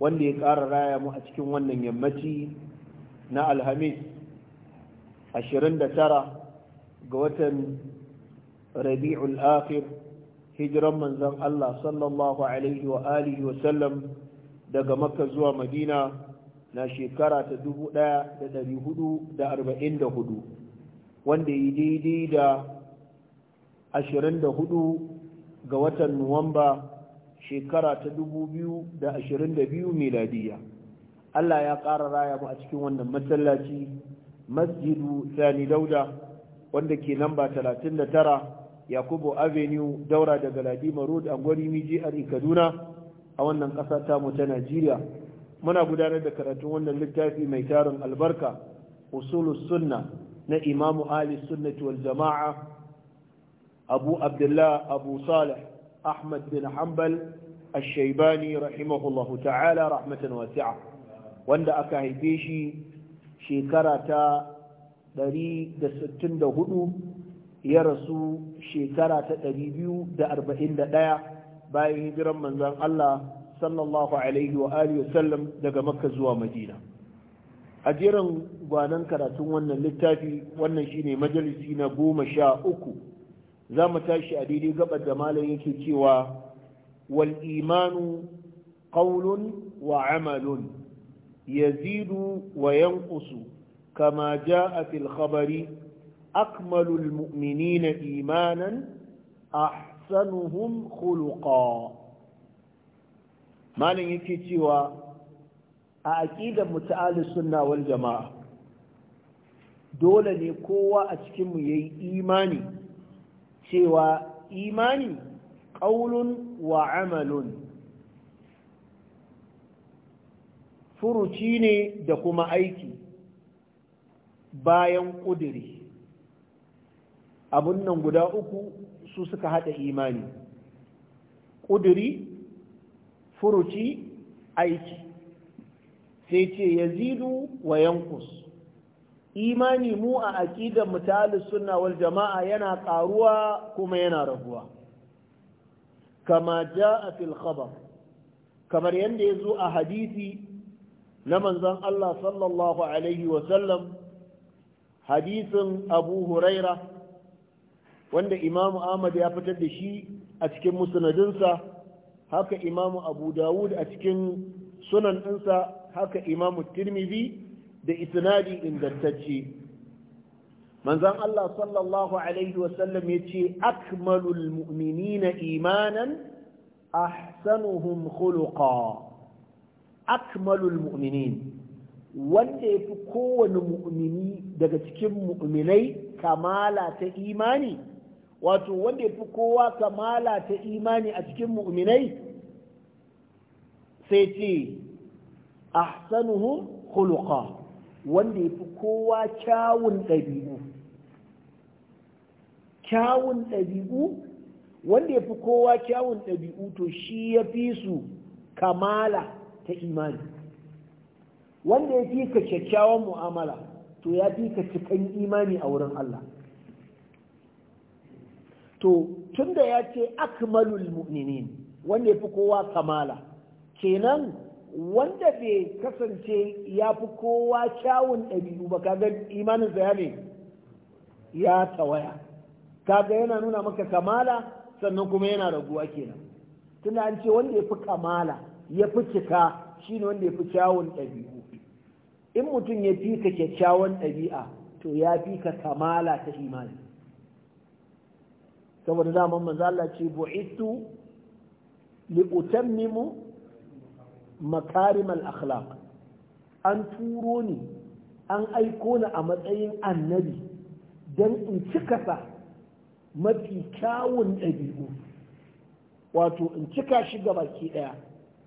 wanda ya ƙara raya mu a cikin wannan yammaci na alhamis 29 ga watan rabi'ul akhir hijiran manzon Allah sallallahu alaihi wa alihi wa sallam daga makka zuwa madina na shekara ta 1444 wanda yi daidai da 24 ga watan nuwamba shekara ta 2022 miladiya Allah ya ƙara raya mu a cikin wannan masallaci masjidu sani dauda wanda ke namba 39 yakubu avenue daura daga ladima road angwari miji a kaduna a wannan ƙasa mu ta najeriya muna gudanar da karatun wannan littafi mai tarin albarka usulus sunna na imamu ali sunnati wal jama'a abu abdullah abu salih ahmad bin hanbal الشيباني رحمه الله تعالى رحمة واسعة وند أكاهيبيشي شيكرة دري دستن دهدو يرسو شيكرة تدريبيو دا أربعين دا دايا بايه درم من ذان الله صلى الله عليه وآله وسلم دا مكة زوا مدينة أجيرن gwanan karatun wannan littafi wannan shine majalisi na goma sha uku za mu tashi a daidai gabar da malam yake cewa wal imanu qawlun wa amalun yazidu wa yanqusu kama jaa fil khabari akmalul mu'minina imanan ahsanuhum khuluqa malam yake cewa a aqidar muta'allis sunna wal jama'a dole ne kowa a cikinmu ya yi imani cewa imani ƙaunun وعمل furuci ne da kuma aiki bayan ƙudiri abun nan guda uku su suka haɗa imani ƙudiri furuci aiki sai ce yazidu wa yankus imani mu a aƙidar mutalis suna wal jama'a yana ƙaruwa kuma yana rabuwa. kama jaa fil kamar yadda ya zo a hadisi na manzon Allah sallallahu alaihi wasallam hadisin abu huraira wanda imamu ahmad ya fitar da shi a cikin musnadinsa haka imamu abu dawud a cikin sunan ɗinsa haka imamu tirmidhi da isnadi ingantacce manzon Allah sallallahu alaihi wasallam yace akmalul mu'minina imanan ahsanuhum khuluqa akmalul mu'minin wanda ya fi kowane mu'mini daga cikin mu'minai kamala ta imani wato wanda ya fi kowa kamala ta imani a cikin mu'minai sai ce ahsanuhum khuluqa wanda ya fi kowa kyawun ɗabi'u kyawun ɗabi'u wanda ya fi kowa kyawun ɗabi'u to shi ya fi su kamala ta imani wanda ya fi ka kyakkyawan mu'amala to ya fi ka cikan imani a wurin Allah to tun da ya ce akmalul mu'minin wanda ya fi kowa kamala kenan wanda bai kasance ya fi kowa kyawun ɗabi'u ba kaga imanin ya ne ya tawaya kaga yana nuna maka kamala sannan kuma yana raguwa kenan tunda an ce wanda ya fi kamala ya fi cika shine wanda ya fi kyawun ɗabi'u in mutum ya fi ka kyakkyawan ɗabi'a to ya fi ka kamala ta imani saboda zaman manzo Allah ce bu'itu li utammimu makarimal akhlaq an turo ni an aiko ni a matsayin annabi dan in cika sa mafi kyawun ɗabi'u wato in cika shi ga baki ɗaya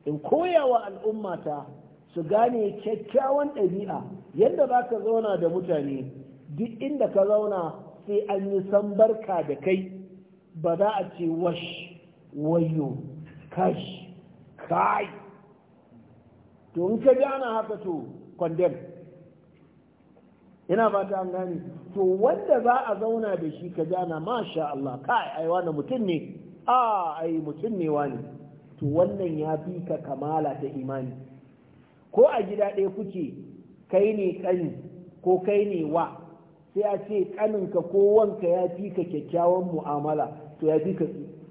in koyawa al'ummata su gane kyakkyawan ɗabi'a yadda za ka zauna da mutane duk inda ka zauna sai an yi sambarka da kai ba za a ce wash wayo kash kai to in ka ji ana haka to condemn ina fata an gane to wanda za a zauna da shi ka jana masha Allah kai ai wani mutum ne a ai mutum ne wani to wannan ya fi ka kamala ta imani ko a gida ɗaya kuke kai ne kani ko kai ne wa sai a ce kaninka ko wanka ya fi ka kyakkyawan mu'amala to ya fi ka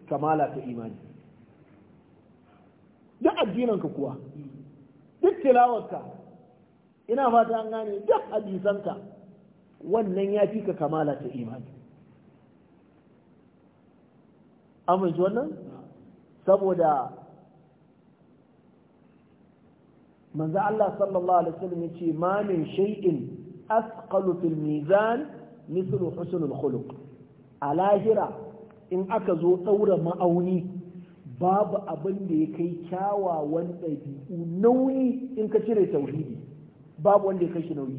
kamala ta imani duk addinanka kuwa duk tilawarka ina fata an gane duk hadisanka wannan ya fi ka kamala ta imani amince wannan saboda manzan Allah sallallahu alaihi wasallam ya ma min shaikin, asqalu fil mizan mithlu husnul a lahira in aka zo tsaura ma'auni babu abin da ya kai kyawawan ɗabi'u nauyi in ka cire tauhidi babu wanda ya kai shi nauyi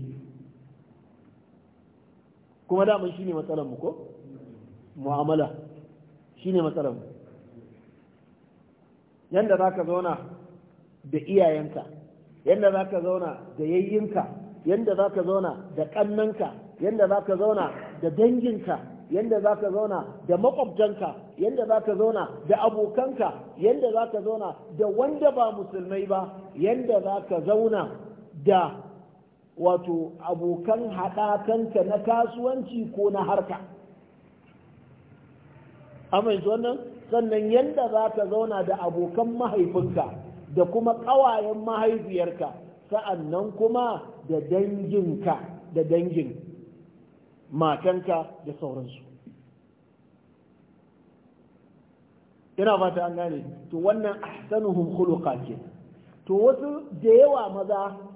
kuma daman shi ne mu ko mu'amala shi ne mu yadda za ka zauna da iyayenka yadda za ka zauna da yayyinka yadda za ka zauna da ƙannanka yadda za ka zauna da danginka yadda za ka zauna da makwabtanka yadda za ka zauna da abokanka yadda za ka zauna da wanda ba musulmai ba yadda za ka zauna da wato abokan haɗakanka na kasuwanci ko na harka yanzu wannan sannan yadda za ka zauna da abokan mahaifinka da kuma ƙawayen mahaifiyarka sa'an nan kuma da danginka da dangin matanka da sauransu ina fata an gane to wannan ahsanuhum khuluqa ke to wasu da yawa maza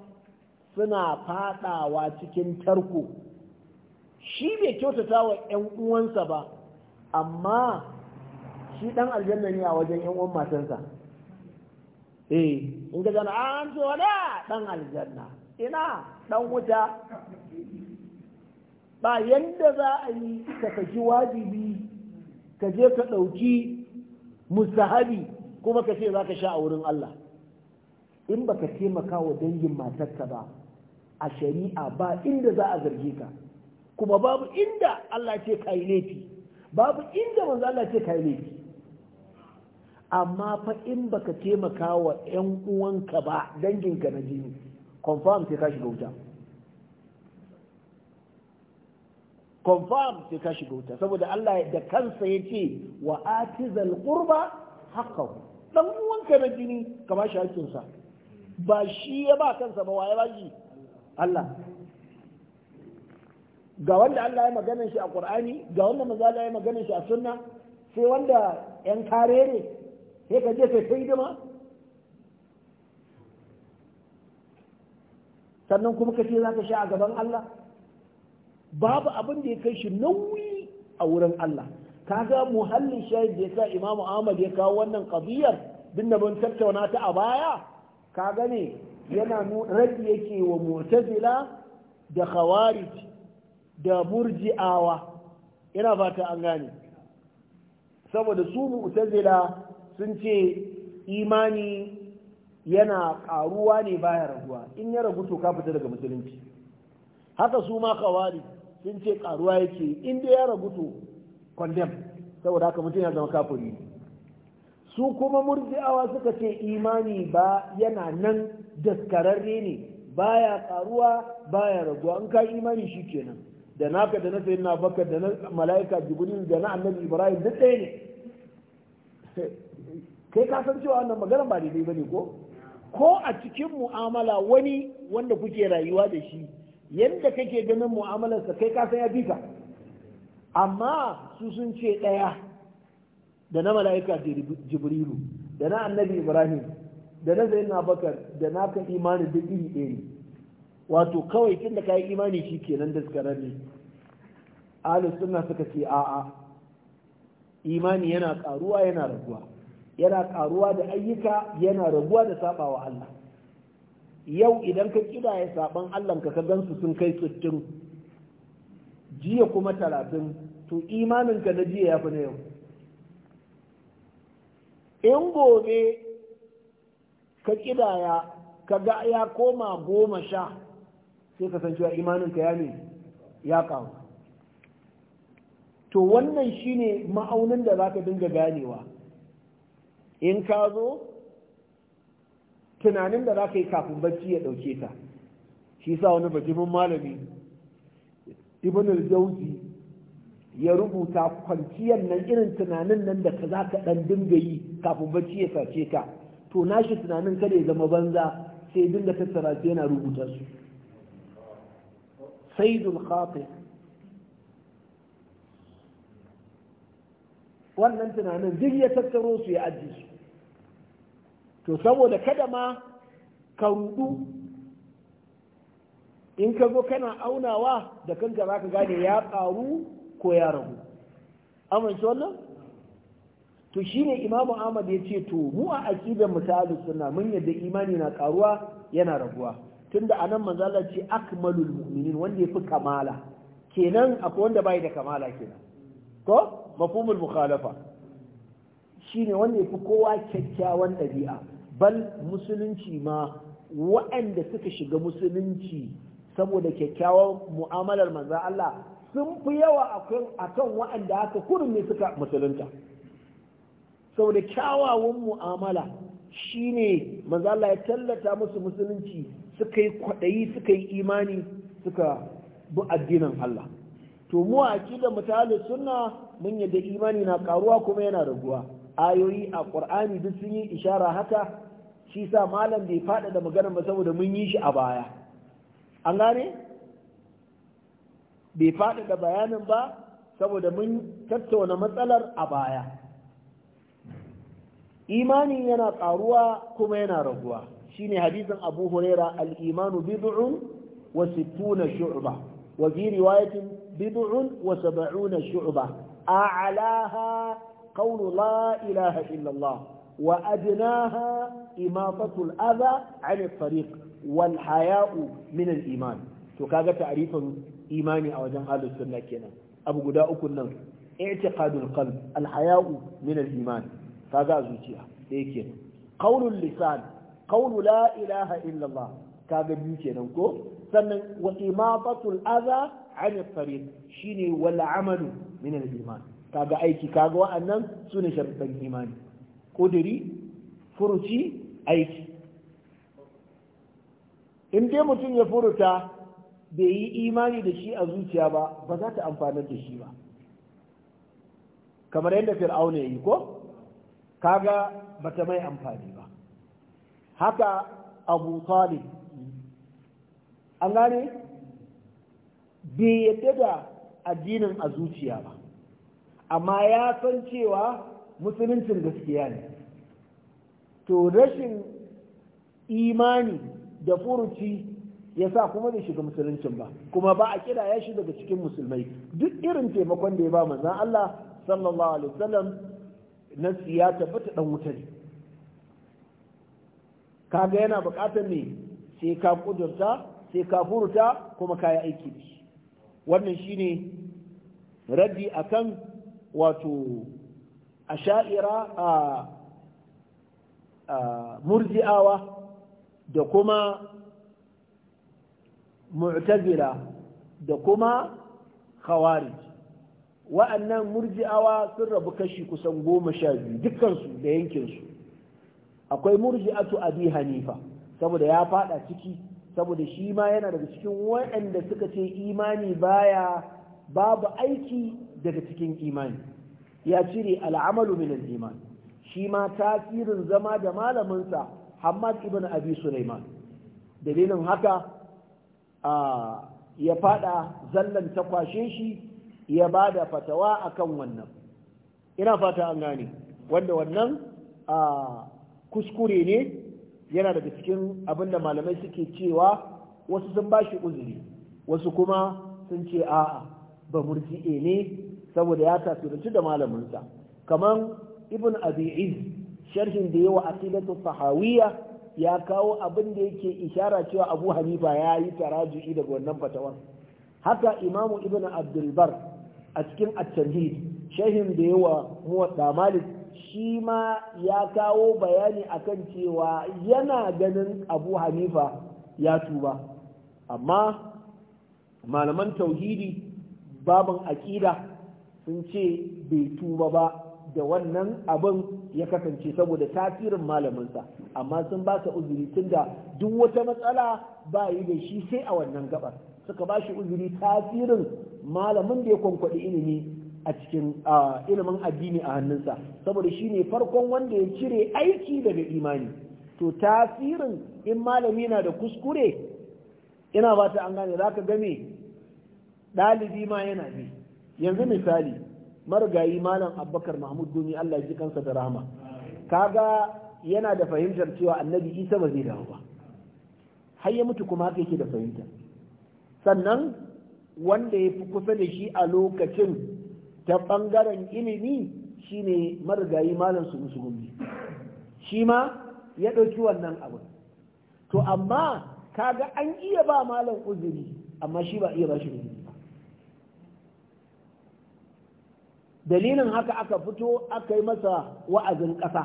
suna fadawa cikin tarko shi bai kyautata wa 'yan uwansa ba amma shi dan aljanna ne a wajen 'yan uwan matansa eh in ga zana an ce wada dan aljanna ina dan wuta ba yadda za a yi ka kaji wajibi ka je ka ɗauki mustahabi kuma ka ce za ka sha a wurin Allah in baka taimaka wa dangin matarka ba a shari'a ba inda za a zarge ka kuma babu inda Allah ce kai laifi babu inda manzo Allah ce kai laifi amma fa in baka taimaka wa ƴan uwanka ba danginka na jini confirm sai ka shiga wuta confirm sai ka shiga wuta saboda Allah da kansa ce wa atizal qurba haqqahu dan uwanka na jini ka ba shi hakkinsa ba shi ya ba kansa ba ya ba shi Allah ga wanda Allah ya magana shi a Qur'ani ga wanda manzo Allah ya magana shi a sunna sai wanda yan kare ne sai ka je kai hidima sannan kuma ka ce za sha a gaban Allah babu abin da ya kai shi nauyi a wurin Allah kaga muhallin shayid da yasa sa Imam Ahmad ya kawo wannan qadiyar din da tattauna ta a baya ka gane. yana rabi yake wa mu'tazila da khawarij da murji'awa ina fata an gane saboda su mu'tazila sun ce imani yana karuwa ne baya raguwa in ya ragu ka fita daga musulunci haka su ma khawarij sun ce karuwa yake in da ya ragu to condemn saboda haka mutum ya zama kafiri su kuma murji'awa suka ce imani ba yana nan daskararre ne baya karuwa baya raguwa in ka imani shi kenan da naka da na sayi na baka da na mala'ika jibril da na annabi ibrahim duk ɗaya ne kai ka san cewa wannan magana ba daidai bane ko ko a cikin mu'amala wani wanda kuke rayuwa da shi yadda kake ganin mu'amalarsa kai ka san ya bi ka amma su sun ce ɗaya da na mala'ika jibrilu da na annabi ibrahim da na zai na bakar da na kan imanin duk iri ɗaya wato kawai tun da ka yi imani shi kenan da suka rani ahalus suna suka ce a'a imani yana ƙaruwa, yana raguwa yana karuwa da ayyuka yana raguwa da sabawa Allah yau idan ka ya saban Allah ka ka gansu sun kai tsittin. jiya kuma talatin to imaninka na jiya ya fi na yau in gobe ka kidaya ka ga ya koma goma sha sai ka san cewa imaninka ya ne ya kawo to wannan shine ma'aunin da za ka dinga ganewa in ka zo tunanin da za ka yi kafin bacci ya ɗauke ta shi sa wani bajimin malami ibn al-jauzi ya rubuta kwanciyar nan irin tunanin nan da ka za ka ɗan dinga yi kafin bacci ya sace ka to nashi tunanin kada ya zama banza sai dinga tattara su yana rubuta su saidul khatir wannan tunanin duk ya tattaro su ya ajiye su to saboda kada ma ka rudu in ka zo kana aunawa da kanka za ka gane ya ƙaru ko ya ragu amince wannan to shine imamu ahmad ya ce to mu a aqidar mu suna sunna mun yadda imani na karuwa yana raguwa tunda anan manzala ce akmalul mu'minin wanda yafi kamala kenan akwai wanda bai da kamala kenan ko mafhumul mukhalafa shine wanda yafi kowa kyakkyawan ɗabi'a bal musulunci ma waɗanda suka shiga musulunci saboda kyakkyawan mu'amalar manzan Allah sun fi yawa akan waɗanda haka kurin ne suka musulunta saboda kyawawan mu'amala shine manzo Allah ya tallata musu musulunci suka yi kwaɗayi suka yi imani suka bi addinin Allah to mu a aqidar mutalis sunna mun yadda imani na karuwa kuma yana raguwa ayoyi a Qur'ani duk sun yi ishara haka shi sa malam bai faɗa da magana ba saboda mun yi shi a baya an gane bai faɗa da bayanin ba saboda mun tattauna matsalar a baya imani yana ƙaruwa kuma yana raguwa shine hadisin abu huraira al-imanu bid'un wa sittuna shu'ba wa fi riwayatin bid'un wa sab'una shu'ba a'laha qawlu la ilaha illa Allah wa adnaha imatatu al-adha 'an at-tariq wal haya'u min al-iman to kaga ta'rifin imani a wajen ahlus sunna kenan abu guda uku nan i'tiqadul qalb al haya'u min al-iman kaga zuciya da yake qaulul lisan qaulu la ilaha illallah kaga biyu kenan ko sannan wa imatatul adha ala tariq shine wal amal min al iman kaga aiki kaga wa'annan sune sharuɗan imani kudiri furuci aiki in dai mutum ya furuta bai yi imani da shi a zuciya ba ba za ta amfanar da shi ba kamar yadda fir'auna ya yi ko kaga bata mai amfani ba haka abu talib an gane bai yadda da addinin a zuciya ba amma ya san cewa musuluncin gaskiya ne to rashin imani da furuci ya sa kuma bai shiga musuluncin ba kuma ba a kira ya shi daga cikin musulmai duk irin taimakon da ya ba manzan Allah sallallahu alaihi wasallam nasi ya tabbata dan wuta ne kaga yana buƙatar ne sai ka kudurta sai ka furta kuma ka yi aiki da shi wannan shine raddi akan wato asha'ira a murji'awa da kuma mu'tazila da kuma khawarij wa'annan murji'awa sun rabu kashi kusan goma sha biyu dukkansu da yankinsu akwai murji'atu abi hanifa saboda ya fada ciki saboda shi ma yana daga cikin waɗanda suka ce imani baya babu aiki daga cikin imani ya cire al'amalu min al-iman shi ma tasirin zama da malaminsa Hamad ibn Abi Sulaiman dalilin haka ya fada zallan ta kwashe shi ya ba da fatawa akan wannan ina fata an gane wanda wannan a kuskure ne yana daga cikin abinda malamai suke cewa wasu sun ba shi uzuri wasu kuma sun ce a'a ba murji'e ne saboda ya tasirci da malaminsa kamar ibn abi'iz sharhin da yawa aqidatu sahawiyya ya kawo abin da yake ishara cewa abu hanifa ya yi taraji'i daga wannan fatawar haka imamu ibn abdulbar a cikin at-tanhid shahin da yawa muwadda malik shi ma ya kawo bayani akan cewa yana ganin abu hanifa ya tuba amma malaman tauhidi babin aƙida sun ce bai tuba ba da wannan abin ya kasance saboda tasirin malaminsa amma sun ba sa uzuri tunda duk wata matsala ba yi da shi sai a wannan gabar suka ba shi uzuri tasirin malamin da ya kwankwaɗi ilimi a cikin ilimin addini a hannunsa saboda shi ne farkon wanda ya cire aiki daga imani to tasirin in malami na da kuskure ina ba ta an gane za ka game ɗalibi ma yana bi yanzu misali marigayi malam Abubakar mahmud domin allah ji kansa da rahama kaga yana da fahimtar cewa annabi isa ba zai dawo ba har ya mutu kuma haka yake da fahimtar sannan wanda ya fi kusa da shi a lokacin ta ɓangaren ilimi shine marigayi malam su musulmi shi ma ya ɗauki wannan abu to amma kaga an iya ba malam uzuri amma shi ba iya ba shi uzuri ba dalilin haka aka fito aka yi masa wa'azin ƙasa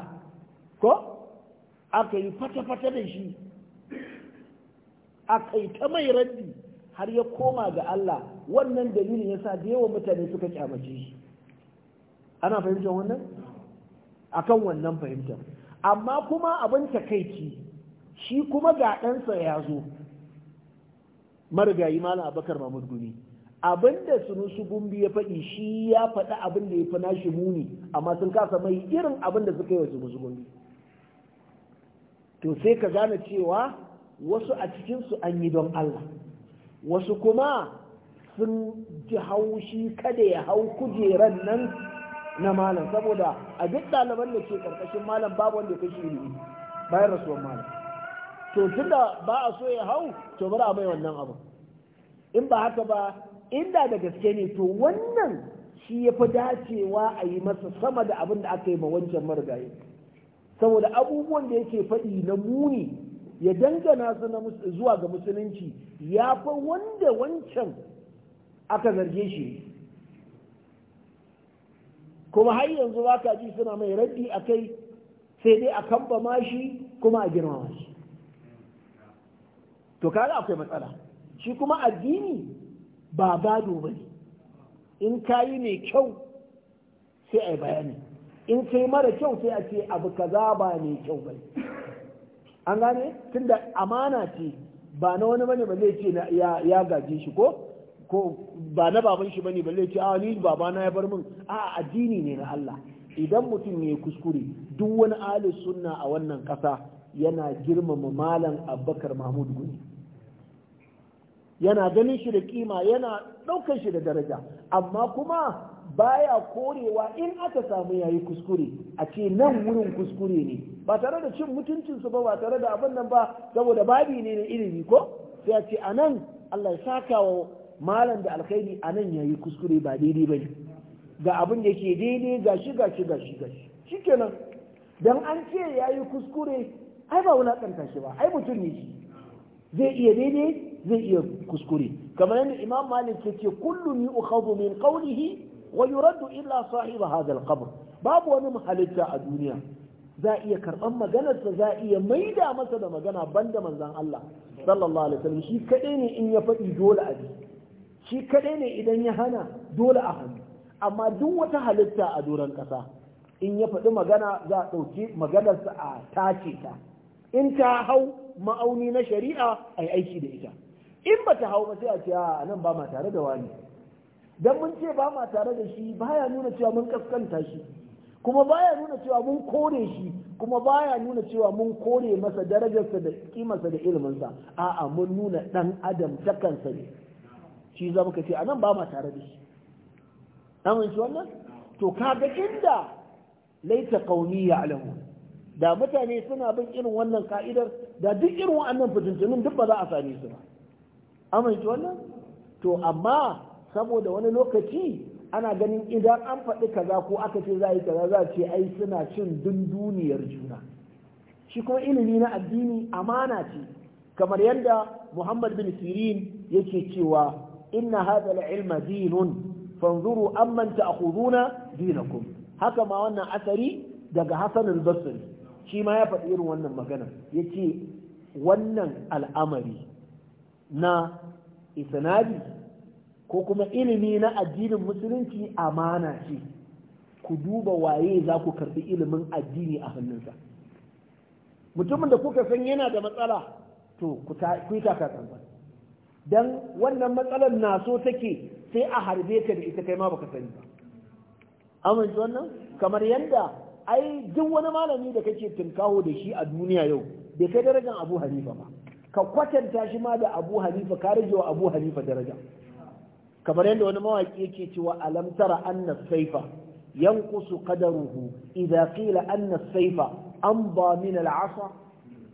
ko aka yi fata-fata da shi aka yi ta mai raddi har ya koma ga Allah wannan dalilin ya sa da yawa mutane suka kyamace shi ana fahimtar wannan akan wannan fahimtar amma kuma abin takaici shi kuma ga ɗansa ya zo marigayi malam abakar mahmud gumi abin da sunusu gumbi ya faɗi shi ya faɗi abin da ya fi nashi muni amma sun kasa mai irin abin da suka yi wa sunusu gumbi to sai ka gane cewa wasu a cikinsu an yi don Allah wasu kuma sun ji haushi kada ya hau kujeran nan na malam saboda a duk ɗaliban da ke ƙarƙashin malam babu wanda ya shi ilimi bayan rasuwar malam to tunda ba a so ya hau to bari a mai wannan abu in ba haka ba inda da gaske ne to wannan shi ya fi dacewa a yi masa sama da abin da aka yi ma wancan marigayi saboda abubuwan da yake faɗi na muni ya dangana su zuwa ga musulunci ya fa wanda wancan aka zarge shi kuma har yanzu ba ka ji suna mai raddi a kai sai dai a kamba mashi kuma a girmama shi to kaga akwai matsala shi kuma addini ba gado ba ne in ka yi mai kyau sai a yi bayani in kai mara kyau sai a ce abu kaza ba mai kyau ba an gane tunda amana ce ba na wani bane ba zai ce ya gaje shi ko ko ba na baban shi bane ba zai ce a ah, baba babana ya bar min a addini ne na Allah idan mutum ya kuskure duk wani alis sunna a wannan kasa yana girmama malam Abubakar Mahmud Guni yana ganin shi da kima yana ɗaukar shi da daraja amma kuma baya korewa in aka samu yayi kuskure a ce nan wurin kuskure ne ba tare da cin mutuncinsu ba ba tare da abin nan ba saboda babi ne na ilimi ko sai a ce a nan Allah ya saka wa malam da alkhairi a nan yayi kuskure ba daidai ba ne ga abin da yake daidai ga shi ga shi ga shi ga shi shikenan dan an ce yayi kuskure ai ba kanta shi ba ai mutum ne shi zai iya daidai zai iya kuskure kamar yadda imam malik yake kullu ni ukhadhu min qawlihi wa yuraddu illa sahiba hadha al-qabr babu wani halitta a duniya za iya karban maganarsa za iya maida masa da magana banda manzon Allah sallallahu alaihi wasallam shi kadai ne in ya faɗi dole a ji shi kadai ne idan ya hana dole a hannu amma duk wata halitta a doron ƙasa in ya faɗi magana za a ɗauki maganarsa a tace ta in ta hau ma'auni na shari'a a aiki da ita in bata hau ba sai a ce a nan ba ma tare da wani dan mun ce ba ma tare da shi baya nuna cewa mun kaskanta shi kuma baya nuna cewa mun kore shi kuma baya nuna cewa mun kore masa darajarsa da kimarsa da iliminsa a'a mun nuna dan adam ta kansa ne shi za muka ce nan ba ma tare da shi an shi wannan to kaga inda laita ya alamu. da mutane suna bin irin wannan ka'idar da duk irin wannan fitintunin duk ba za a same su ba Amince wannan to amma saboda wani lokaci ana ganin idan an faɗi kaza ko aka ce za a yi kaza za a ce ai suna cin dunduniyar juna shi kuma ilimi na addini amana ce kamar yadda muhammad bin sirin yake cewa inna hadha al-ilma dinun fanzuru amman ta'khuduna dinakum haka ma wannan asari daga hasan al-basri shi ma ya faɗi irin wannan magana yace wannan al'amari na isnadi ko kuma ilimi na addinin musulunci amana ce ku duba waye za ku karbi ilimin addini a hannunsa mutumin da kuka san yana da matsala to ku yi takatsantsan don wannan matsalar na so take sai a harbe ka da ita kai ma baka sani ba amince wannan kamar yadda ai duk wani malami da kake tunkaho da shi a duniya yau bai kai darajar abu hanifa ba ka kwatanta shi ma da abu hanifa ka rage wa abu hanifa daraja kamar yadda wani mawaki yake cewa alam tara anna saifa yanqusu qadaruhu idza qila anna saifa amba min al'asa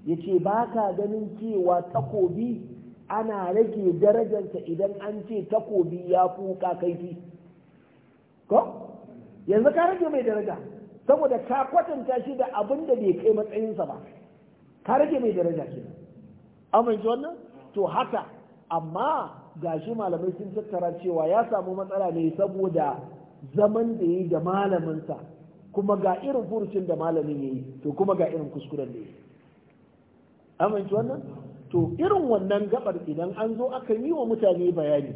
yace baka ganin cewa takobi ana rage darajarsa idan an ce takobi ya fuka kaifi ko yanzu ka rage mai daraja saboda ka kwatanta shi da abin da bai kai matsayinsa ba ka rage mai daraja kenan amince wannan to haka amma gashi malamai sun tattara cewa ya samu matsala ne saboda zaman da ya yi da malaminsa kuma ga irin furucin da malamin ya yi to kuma ga irin kuskuren da ya yi amince wannan to irin wannan gabar idan an zo aka yi wa mutane bayani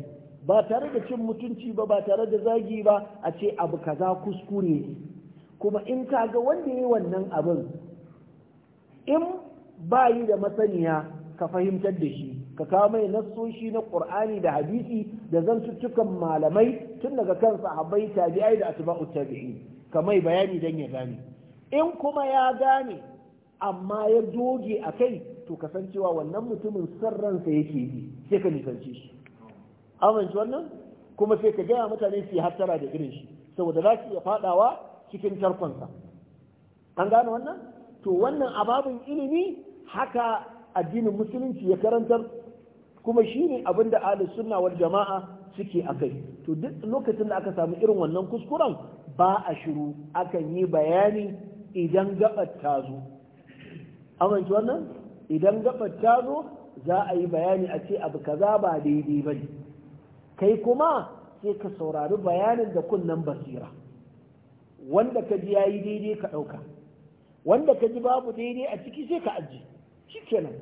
ba tare da cin mutunci ba ba tare da zagi ba a ce abu kaza kuskure ne kuma in ka ga wanda ya yi wannan abin in ba yi da masaniya ka fahimtar da shi ka kawo mai nassoshi na qur'ani da hadisi da zantuttukan malamai tun daga kan sahabbai tabi'ai da atba'u tabi'i kamai bayani dan ya gane in kuma ya gane amma ya doge a kai to kasancewa wannan mutumin sarransa yake yi sai ka nisanci shi amince wannan kuma sai ka gaya mutane su yi hattara da irin shi saboda za su iya fadawa cikin tarkonsa an gane wannan to wannan ababin ilimi haka addinin musulunci ya karantar kuma shine abin da ahlus sunna wal jama'a suke a kai. to duk lokacin da aka samu irin wannan kuskuren ba a shiru akan yi bayani idan gabar ta zo amince wannan idan gabar ta zo za a yi bayani a ce abu kaza ba daidai ba ne kai kuma sai ka saurari bayanin da kunnen basira wanda ka ji ya yi daidai ka ɗauka wanda ka ji babu daidai a ciki sai ka aji kenan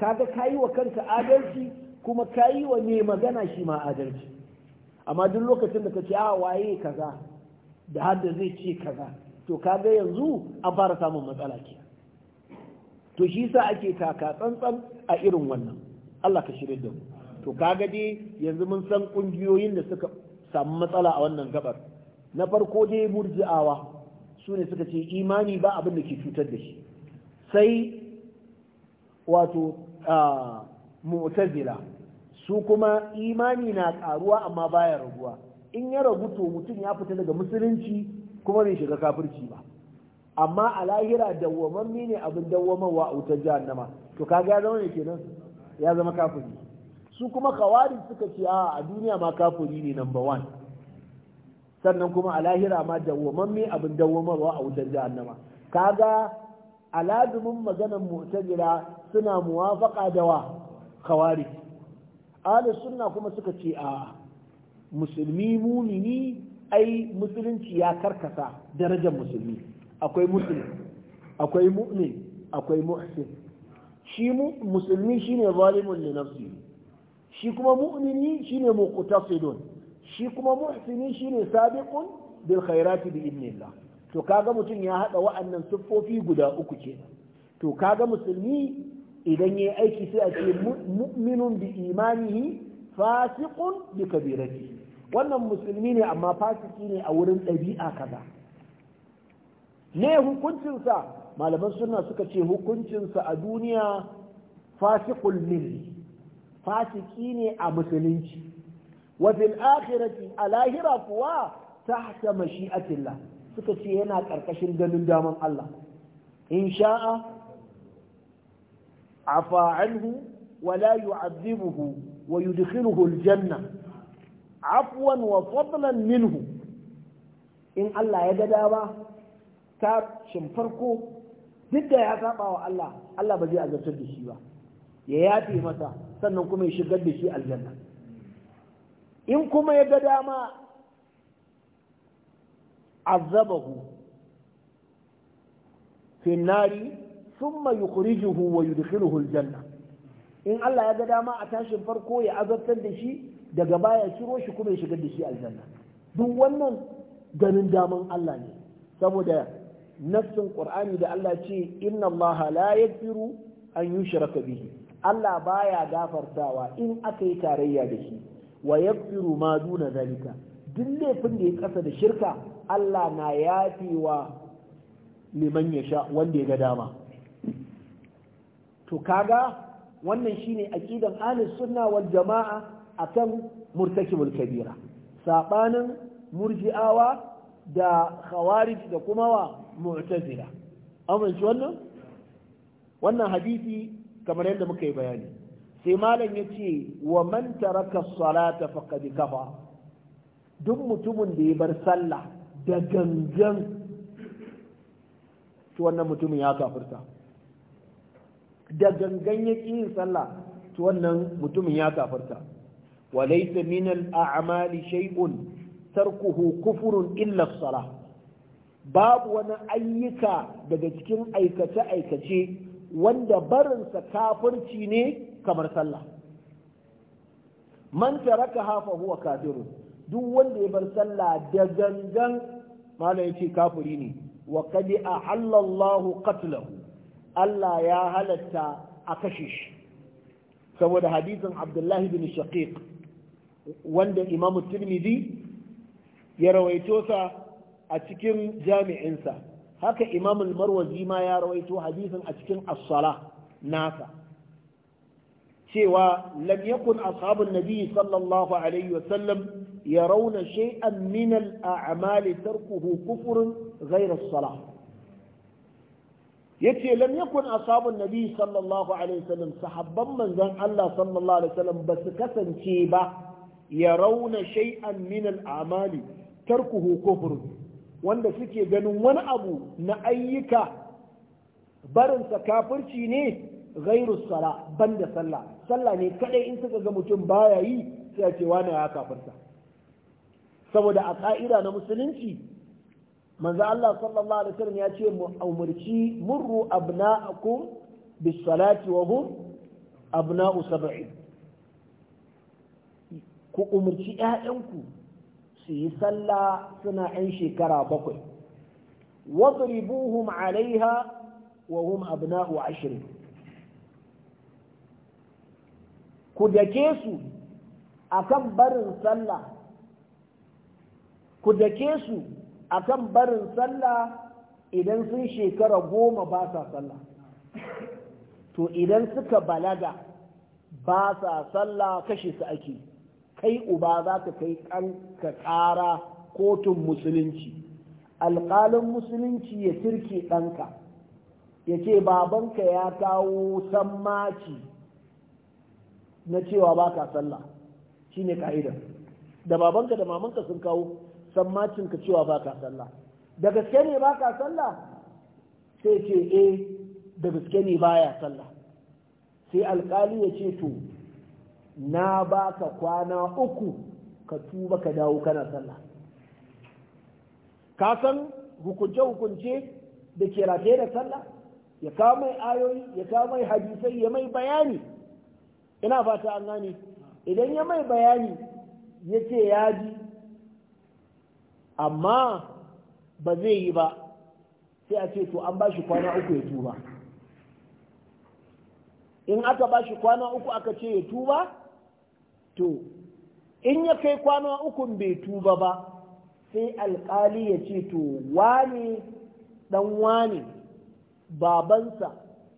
kaga kayi wa kanka adalci kuma kayi wa mai magana shi ma adalci amma duk lokacin da ka ce a waye kaza da hadda zai ce kaza to kaga yanzu an fara samun matsala ke to shi sa ake kaka tsantsan a irin wannan Allah ka shirya da mu to kaga dai yanzu mun san kungiyoyin da suka samu matsala a wannan gabar na farko dai murji'awa su ne suka ce imani ba abin da ke cutar da shi sai wato mu'tazila su kuma imani na karuwa amma baya raguwa in ya ragu to mutum ya fita daga musulunci kuma bai shiga kafirci ba amma a lahira dawwamammi ne abin dawwamawa a wutar jahannama to kaga ya zama ne kenan ya zama kafiri su kuma kawari suka ce a a duniya ma kafiri ne number one sannan kuma a lahira ma dawwamammi abin dawwamawa a wutar jahannama kaga alazumin maganan mu'tazila suna muwafaqa da wa kawari ahlus sunna kuma suka ce a musulmi mumini ai musulunci ya karkasa darajar musulmi akwai musulmi akwai mu'min akwai muhsin shi musulmi shine zalimun li nafsi shi kuma mu'mini shine muqtasidun shi kuma muhsini shine sabiqun bil khairati bi idnillah to kaga mutum ya haɗa wa'annan siffofi guda uku ke to kaga musulmi idan ya aiki sai a ce mu'minun bi imanihi fasiqun bi kabirati wannan musulmi ne amma fasiki ne a wurin ɗabi'a kaza ne hukuncinsa malaman sunna suka ce hukuncinsa a duniya fasiqul milli fasiki ne a musulunci wa fil akhirati a lahira kuwa tahta mashi'atillah suka ce yana ƙarƙashin ganin daman Allah in sha'a A anhu wa la wa yudkhiluhu aljanna afwan wa fadlan minhu in Allah ya ga dama ta farko duk da ya saba wa Allah Allah ba zai azabtar da shi ba ya yafe masa sannan kuma ya shigar da shi aljanna in kuma ya ga dama azabahu fi nari thumma yukhrijuhu wa yudkhiluhu aljanna in Allah ya ga dama a tashin farko ya azabtar da shi daga baya ciro shi kuma ya shigar da shi aljanna duk wannan ganin daman Allah ne saboda nafsin Qur'ani da Allah ce inna Allah la yaghfiru an yushraka bihi Allah baya gafartawa in aka yi tarayya da shi wa yaghfiru ma duna zalika duk laifin da ya kasa da shirka Allah na yafewa liman ya sha wanda ya ga dama to kaga wannan shine aqidan ahlus sunna wal jama'a akan murtakibul kabira sabanin murji'awa da khawarij da kuma wa mu'tazila amin shi wannan wannan hadisi kamar yadda muka yi bayani sai malam yace wa man taraka salata faqad kafa duk mutumin da ya bar sallah da gangan to wannan mutumin ya kafirta da gangan ya yin sallah to wannan mutumin ya kafirta walaysa min al-a'mali shay'un tarkuhu kufrun illa salah babu wani ayyuka daga cikin aikace-aikace wanda barinsa kafirci ne kamar sallah man taraka hafa huwa kafirun duk wanda ya bar sallah da gangan malam ce kafiri ne wa qad a Allah qatlahu Allah ya halatta a kashe shi saboda hadisin Abdullah bin Shaqiq wanda Imam Tirmidhi ya rawaito sa a cikin jami'insa haka Imam marwazi ma ya rawaito hadisin a cikin As-Salah nasa cewa lam yakun ashabun nabi sallallahu alaihi wa sallam يرون شيئا من الأعمال تركه كفر غير الصلاة yace lam yakun ashabun nabi sallallahu alaihi wasallam sahabban manzon Allah sallallahu alaihi wasallam ba kasance ba ya rauna shay'an min al'amali tarkuhu kufr wanda suke ganin wani abu na ayyuka barinsa sa kafirci ne ghairu sala banda sallah sallah ne kadai in suka ga mutum baya yi sai ce wani ya kafirta saboda a ka'ida na musulunci manzo Allah sallallahu alaihi wasallam ya ce mu umurci murru abna'akum bis salati wa hum abna'u sab'i ku umurci ƴaƴanku su yi sallah suna 'yan shekara bakwai wadribuhum alaiha wa hum abna'u ashirin ku dake su akan barin sallah ku dake su akan barin sallah idan sun shekara goma ba sa sallah to idan suka balaga ba sa sallah kashe su ake kai uba za ka kai ka ƙara kotun musulunci alƙalin musulunci ya turke ɗanka ya ce babanka ya kawo sammaci na cewa ba ka sallah shi ne ka'idar da babanka da mamanka sun kawo sammacin ka cewa baka sallah da gaske ne baka sallah sai ce eh da gaske ne baya sallah sai alkali ya ce to na baka kwana uku ka tuba ka dawo kana sallah ka san hukunce-hukunce da ke rataye da sallah ya kawo mai ayoyi ya kawo mai hadisai ya mai bayani ina fata an gane idan ya mai bayani ya ce ya ji amma ba zai yi ba sai a ce to an ba shi kwana uku ya tuba in aka ba shi kwana uku aka ce ya tuba to in ya kai kwana ukun bai tuba ba sai alkali ya ce to wani dan wani babansa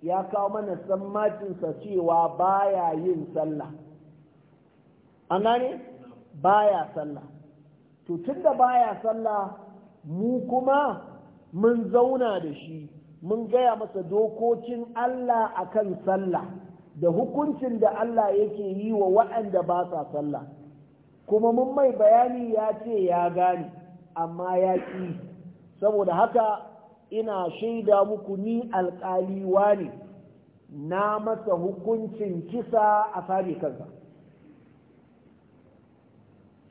ya kawo mana sammacinsa cewa baya yin sallah an gane baya sallah to tun da baya sallah mu kuma mun zauna da shi mun gaya masa dokokin Allah akan sallah da hukuncin da Allah yake yi wa waɗanda ba sa sallah kuma mun mai bayani ya ce ya gane amma ya ƙi saboda haka ina shaida muku ni alƙaliwa ne na masa hukuncin kisa a sare kansa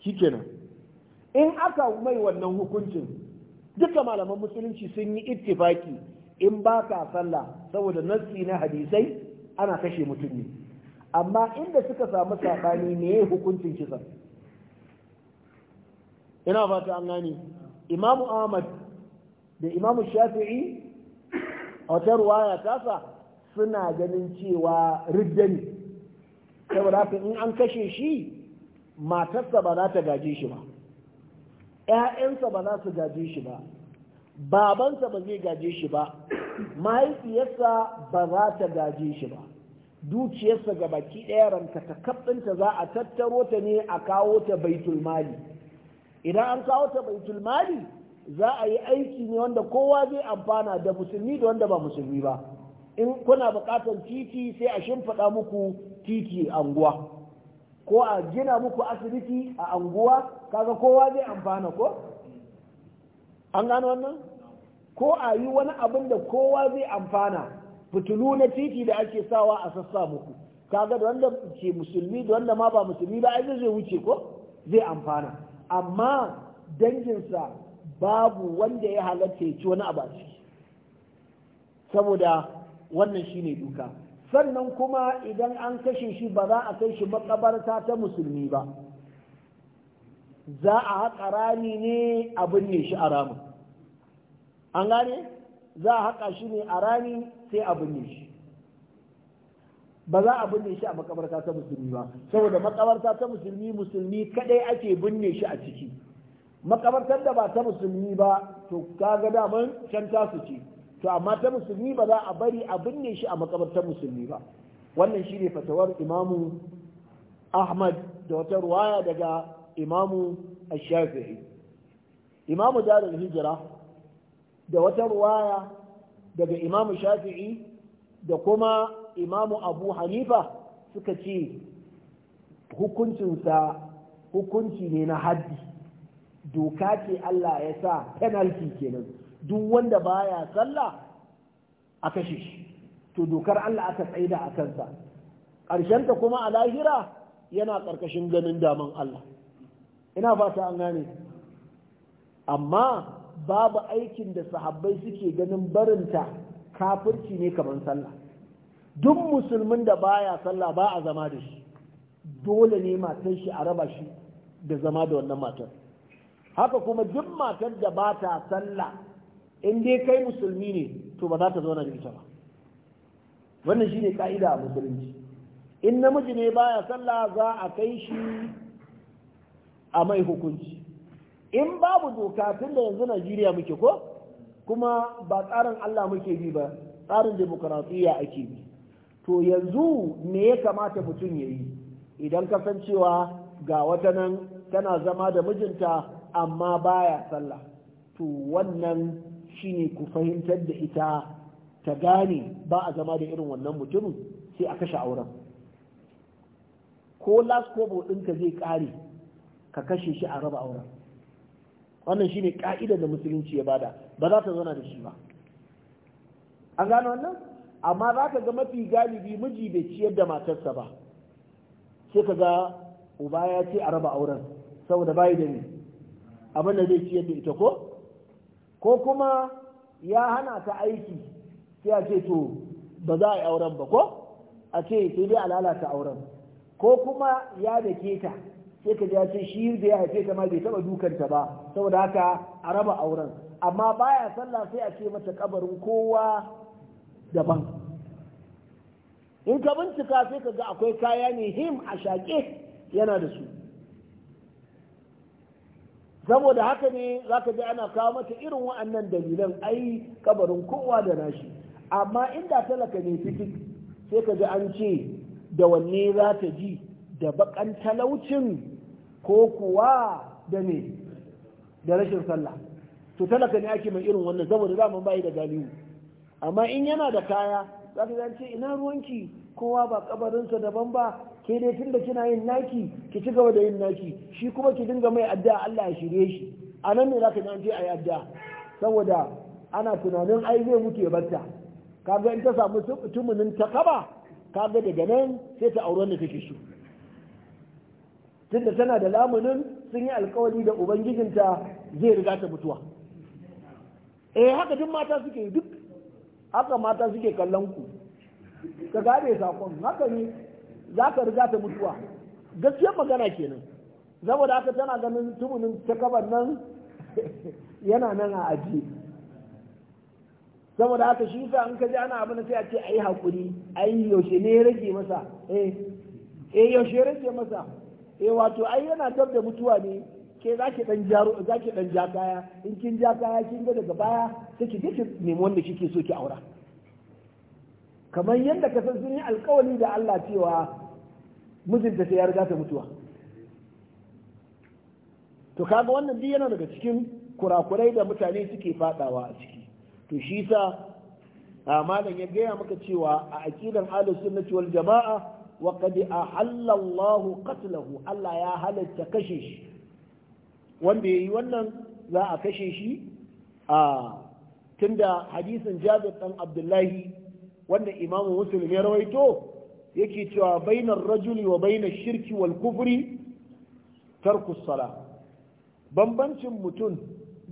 shikenan in aka mai wannan hukuncin duka malaman musulunci sun yi ittifaki in ba ka sallah saboda nassi na hadisai ana kashe mutum ne amma inda suka samu saɓani ne hukuncin kisa ina fata an gani. imamu ahmad da imamu shafi'i a wata ruwaya tasa suna ganin cewa riddani. saboda in an kashe shi matarsa ba za ta gaje shi ba ‘ya'yansa ba za su gaje shi ba babansa ba zai gaje shi ba mahaifiyarsa ba za ta gaje shi ba dukiyarsa ga baki ɗaya ranka ta kaɗinta za a tattaro ta ne a kawo ta baitul mali idan an kawo ta baitul mali za a yi aiki ne wanda kowa zai amfana da musulmi da wanda ba musulmi ba in kuna buƙatar titi sai a shimfiɗa muku titi anguwa ko a gina muku asibiti a anguwa kaga kowa zai amfana ko an gano wannan ko a yi wani abin da kowa zai amfana fitilu na titi da ake sawa a sassa muku kaga da wanda ke musulmi da wanda ma ba musulmi ba ai zai wuce ko zai amfana amma danginsa babu wanda ya halatta ya ci wani abu a ciki saboda wannan shine duka sannan kuma idan an kashe shi ba za a kai shi makabarta ta musulmi ba za a haƙa rami ne a binne shi a ramin an gane za a haƙa shi ne a rami sai a binne shi ba za a binne shi a makabarta ta musulmi ba saboda makabarta ta musulmi musulmi kadai ake binne shi a ciki makabartar da ba ta musulmi ba to kaga daman can tasu ce to amma ta musulmi ba za a bari a binne shi a makabartar musulmi ba wannan shi ne fatawar imamu ahmad da wata ruwaya daga imamu ashafi'i imamu darul hijira da wata ruwaya daga imamu shafi'i da kuma imamu abu hanifa suka ce hukuncinsa hukunci ne na haddi doka ce Allah ya sa penalty kenan duk wanda baya sallah a kashe shi to dokar Allah aka tsaida a kansa ƙarshen ta kuma a lahira yana ƙarƙashin ganin daman Allah ina fata an gane amma babu aikin da sahabbai suke ganin barinta kafirci ne kamar sallah duk musulmin da baya sallah ba a zama da shi dole ne matan shi a raba shi da zama da wannan matar haka kuma duk matar da ba ta sallah in dai kai musulmi ne to ba za ta zauna da ita ba wannan shine ka'ida a musulunci in namiji ne baya sallah za a kai shi a mai hukunci in babu doka tun da yanzu Najeriya muke ko kuma ba tsarin Allah muke bi ba tsarin demokrasiyya ake bi to yanzu me ya kamata mutum ya yi idan cewa ga wata nan tana zama da mijinta amma baya sallah to wannan ne ku fahimtar da ita ta gane ba a zama da irin wannan mutumin sai a kashe auren ko laskobo ɗinka zai ƙare ka kashe shi a raba auren wannan shine ka'idar da musulunci ya bada ba za ta zauna da shi ba an gano wannan amma za ka ga mafi galibi miji bai ciyar da matarsa ba sai ka ga uba ya ce a raba auren saboda bayi da ne abin da zai ciyar da ita ko ko kuma ya hana ta aiki sai a ce to ba za a yi auren ba ko a ce sai dai a lalata auren ko kuma ya da ta sai ka ya ce shi da ya haife ta ma bai taba dukanta ba saboda haka a raba auren amma baya sallah sai a ce mata kabarin kowa daban in ka bincika sai ka ga akwai kaya ne him a shaƙe yana da su saboda haka ne za ka ji ana kawo mata irin wa'annan dalilan ai kabarin kowa da nashi amma inda talaka ne fiti sai ka ji an ce da wanne za ta ji da bakan talaucin ko kuwa da ne da rashin sallah to talaka ne ake mai irin wannan saboda za mu bayi da galihu amma in yana da kaya za ka ce ina ruwanki kowa ba kabarinsa daban ba ke dai tunda kina yin naki ki ci gaba da yin naki shi kuma ki dinga mai addu'a Allah ya shirye shi anan ne zaka ji an ce ayi addu'a saboda ana tunanin ai zai mutu ya barta kaga in ta samu tumunin ta kaba kaga daga nan sai ta auren da take shi tunda tana da lamunin sun yi alkawari da ubangijinta zai riga ta mutuwa eh haka duk mata suke duk haka mata suke kallon ku ka gane sakon haka ne za ka riga ta mutuwa gaskiyar magana kenan saboda haka tana ganin tumunin ta kabar nan yana nan a ajiye saboda haka shi sa in ka ji ana abin sai a ce ayi hakuri ai yaushe ne ya rage masa eh eh yaushe ya rage masa eh wato ai yana dab da mutuwa ne ke za ki dan jaro za ki dan ja kaya in kin ja kaya kin ga daga baya sai ki je ki nemi wanda kike so ki aura kamar yadda ka san sun yi alkawari da Allah cewa mijinta sai ya riga ta mutuwa to kaga wannan duk yana daga cikin kurakurai da mutane suke fadawa a ciki to shi sa a malam ya gaya maka cewa a aqidan ahlus sunnah wal jama'a wa qad ahalla Allah qatluhu Allah ya halatta kashe shi wanda yayi wannan za a kashe shi a tunda hadisin Jabir dan Abdullahi wanda Imam Muslim ya rawaito yake cewa bainar rajuli wa bainar shirki wal kufri tarku sala bambancin mutum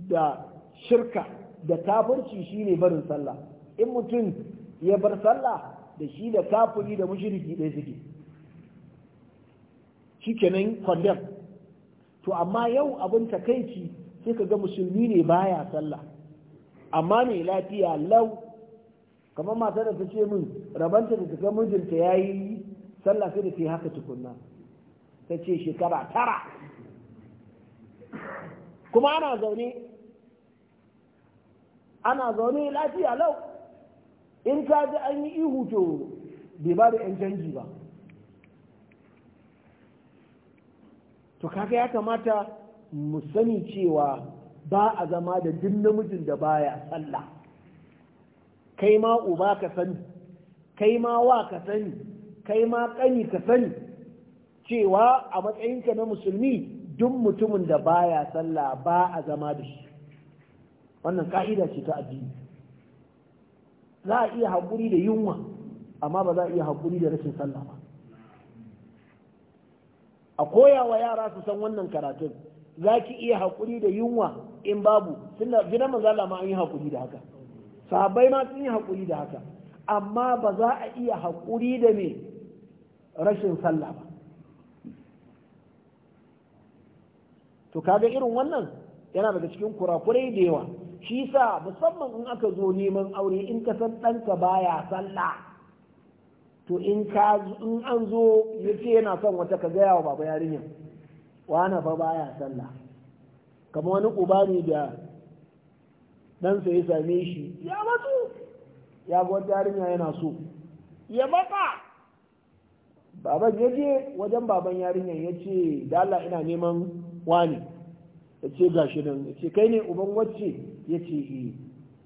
da shirka da kafirci shine barin sallah in mutum ya bar sallah da shi da kafiri da mushriki ɗaya suke shikenan condemn to amma yau abun takaici sai ka ga musulmi ne baya sallah amma ne lafiya lau kamar matar da ta ce min rabanta da ta mijinta ya yi sallah sai da ta haka tukunna ta ce shekara tara kuma ana zaune ana zaune lafiya lau in ka ji an yi ihu to bai ba da 'yan canji ba to kaga ya kamata mu sani cewa ba a zama da duk namijin da baya sallah kai ma uba ka sani kai ma wa ka sani kai ma ƙani ka sani cewa a matsayinka na musulmi duk mutumin da baya sallah ba a zama da shi wannan ka'ida ce ta addini za a iya haƙuri da yunwa amma ba za a iya haƙuri da rashin sallah ba a koyawa yara su san wannan karatun za ki iya haƙuri da yunwa in babu suna gidan manzala ma an yi haƙuri da haka sabai ma sun yi haƙuri da haka amma ba za a iya haƙuri da me rashin sallah ba to kaga irin wannan yana daga cikin kurakurai da yawa shi sa musamman in aka zo neman aure in ka san ɗanka baya sallah to in ka in an zo ya ce yana son wata ka gaya wa baba yarinya na fa baya sallah kamar wani uba ne da ɗansa ya same shi ya ya yarinya yana so ya matsa baban ya je wajen baban yarinyar ya ce da Allah ina neman wani ya ce "Gashi nan ya ce kai ne uban wacce ya ce eh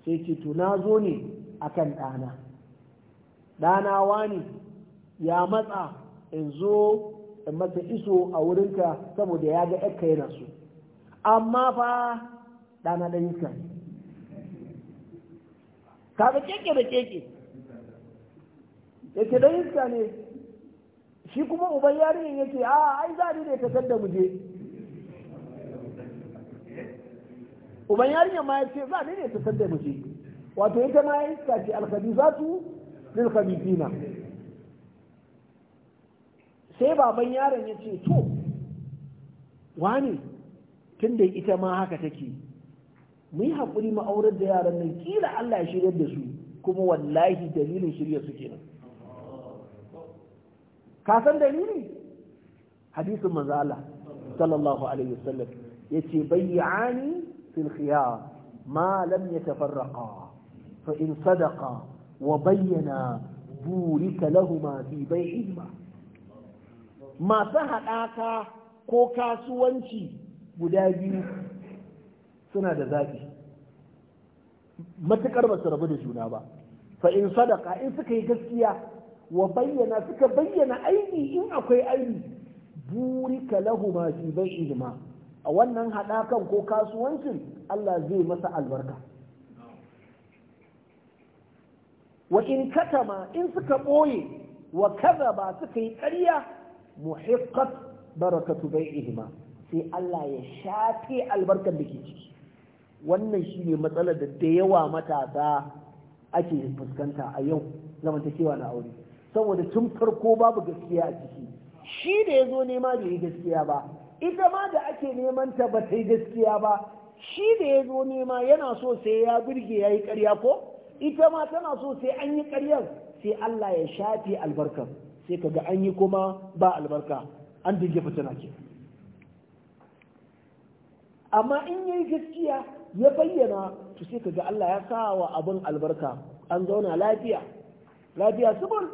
sai ce to na zo ne akan ɗana ɗana wani ya matsa in zo in masa iso a wurinka saboda ya ga ɗaka yana so amma fa ɗana ɗan yi ne kaga keke da keke yake dan iska ne shi kuma uban yarin yake a ai za ni ne ta da muje uban yarin ma yace za ni ne ta da muje wato ita ma iska ce alkhabizatu lil khabithina sai baban yaron yace to wani tunda ita ma haka take mu yi haƙuri mu da yaran nan kila Allah ya shirya da su kuma wallahi dalilin shirya su kenan ka san dalili hadisin manzo Allah sallallahu alaihi wasallam yace bayyani fil khiyar ma lam yatafarraqa fa in sadaqa wa bayyana burika lahumma fi bay'ihima masu haɗaka ko kasuwanci guda biyu suna da zafi. matuƙar ba su rabu da juna ba fa in sadaka in suka yi gaskiya wa bayyana suka bayyana aini in akwai aini burika ma fi ilima. a wannan haɗakan ko kasuwancin Allah zai masa albarka wa in katama in suka ɓoye wa kaza ba suka yi ƙarya muhiqqat barakatu ilima. sai Allah ya shafe albarkar da ke ciki wannan shi ne matsalar da da yawa matasa ake fuskanta a yau zamantakewa na aure saboda tun farko babu gaskiya a ciki shi da ya zo nema da yi gaskiya ba ita ma da ake neman ta ba ta yi gaskiya ba shi da ya zo nema yana so sai ya birge ya yi karya ko ita ma tana so sai an yi karyar sai Allah ya shafi albarkar sai kaga an yi kuma ba albarka an dinge fitina ke amma in yi gaskiya ya bayyana to sai kaga Allah ya sa wa abun albarka an zauna lafiya lafiya subul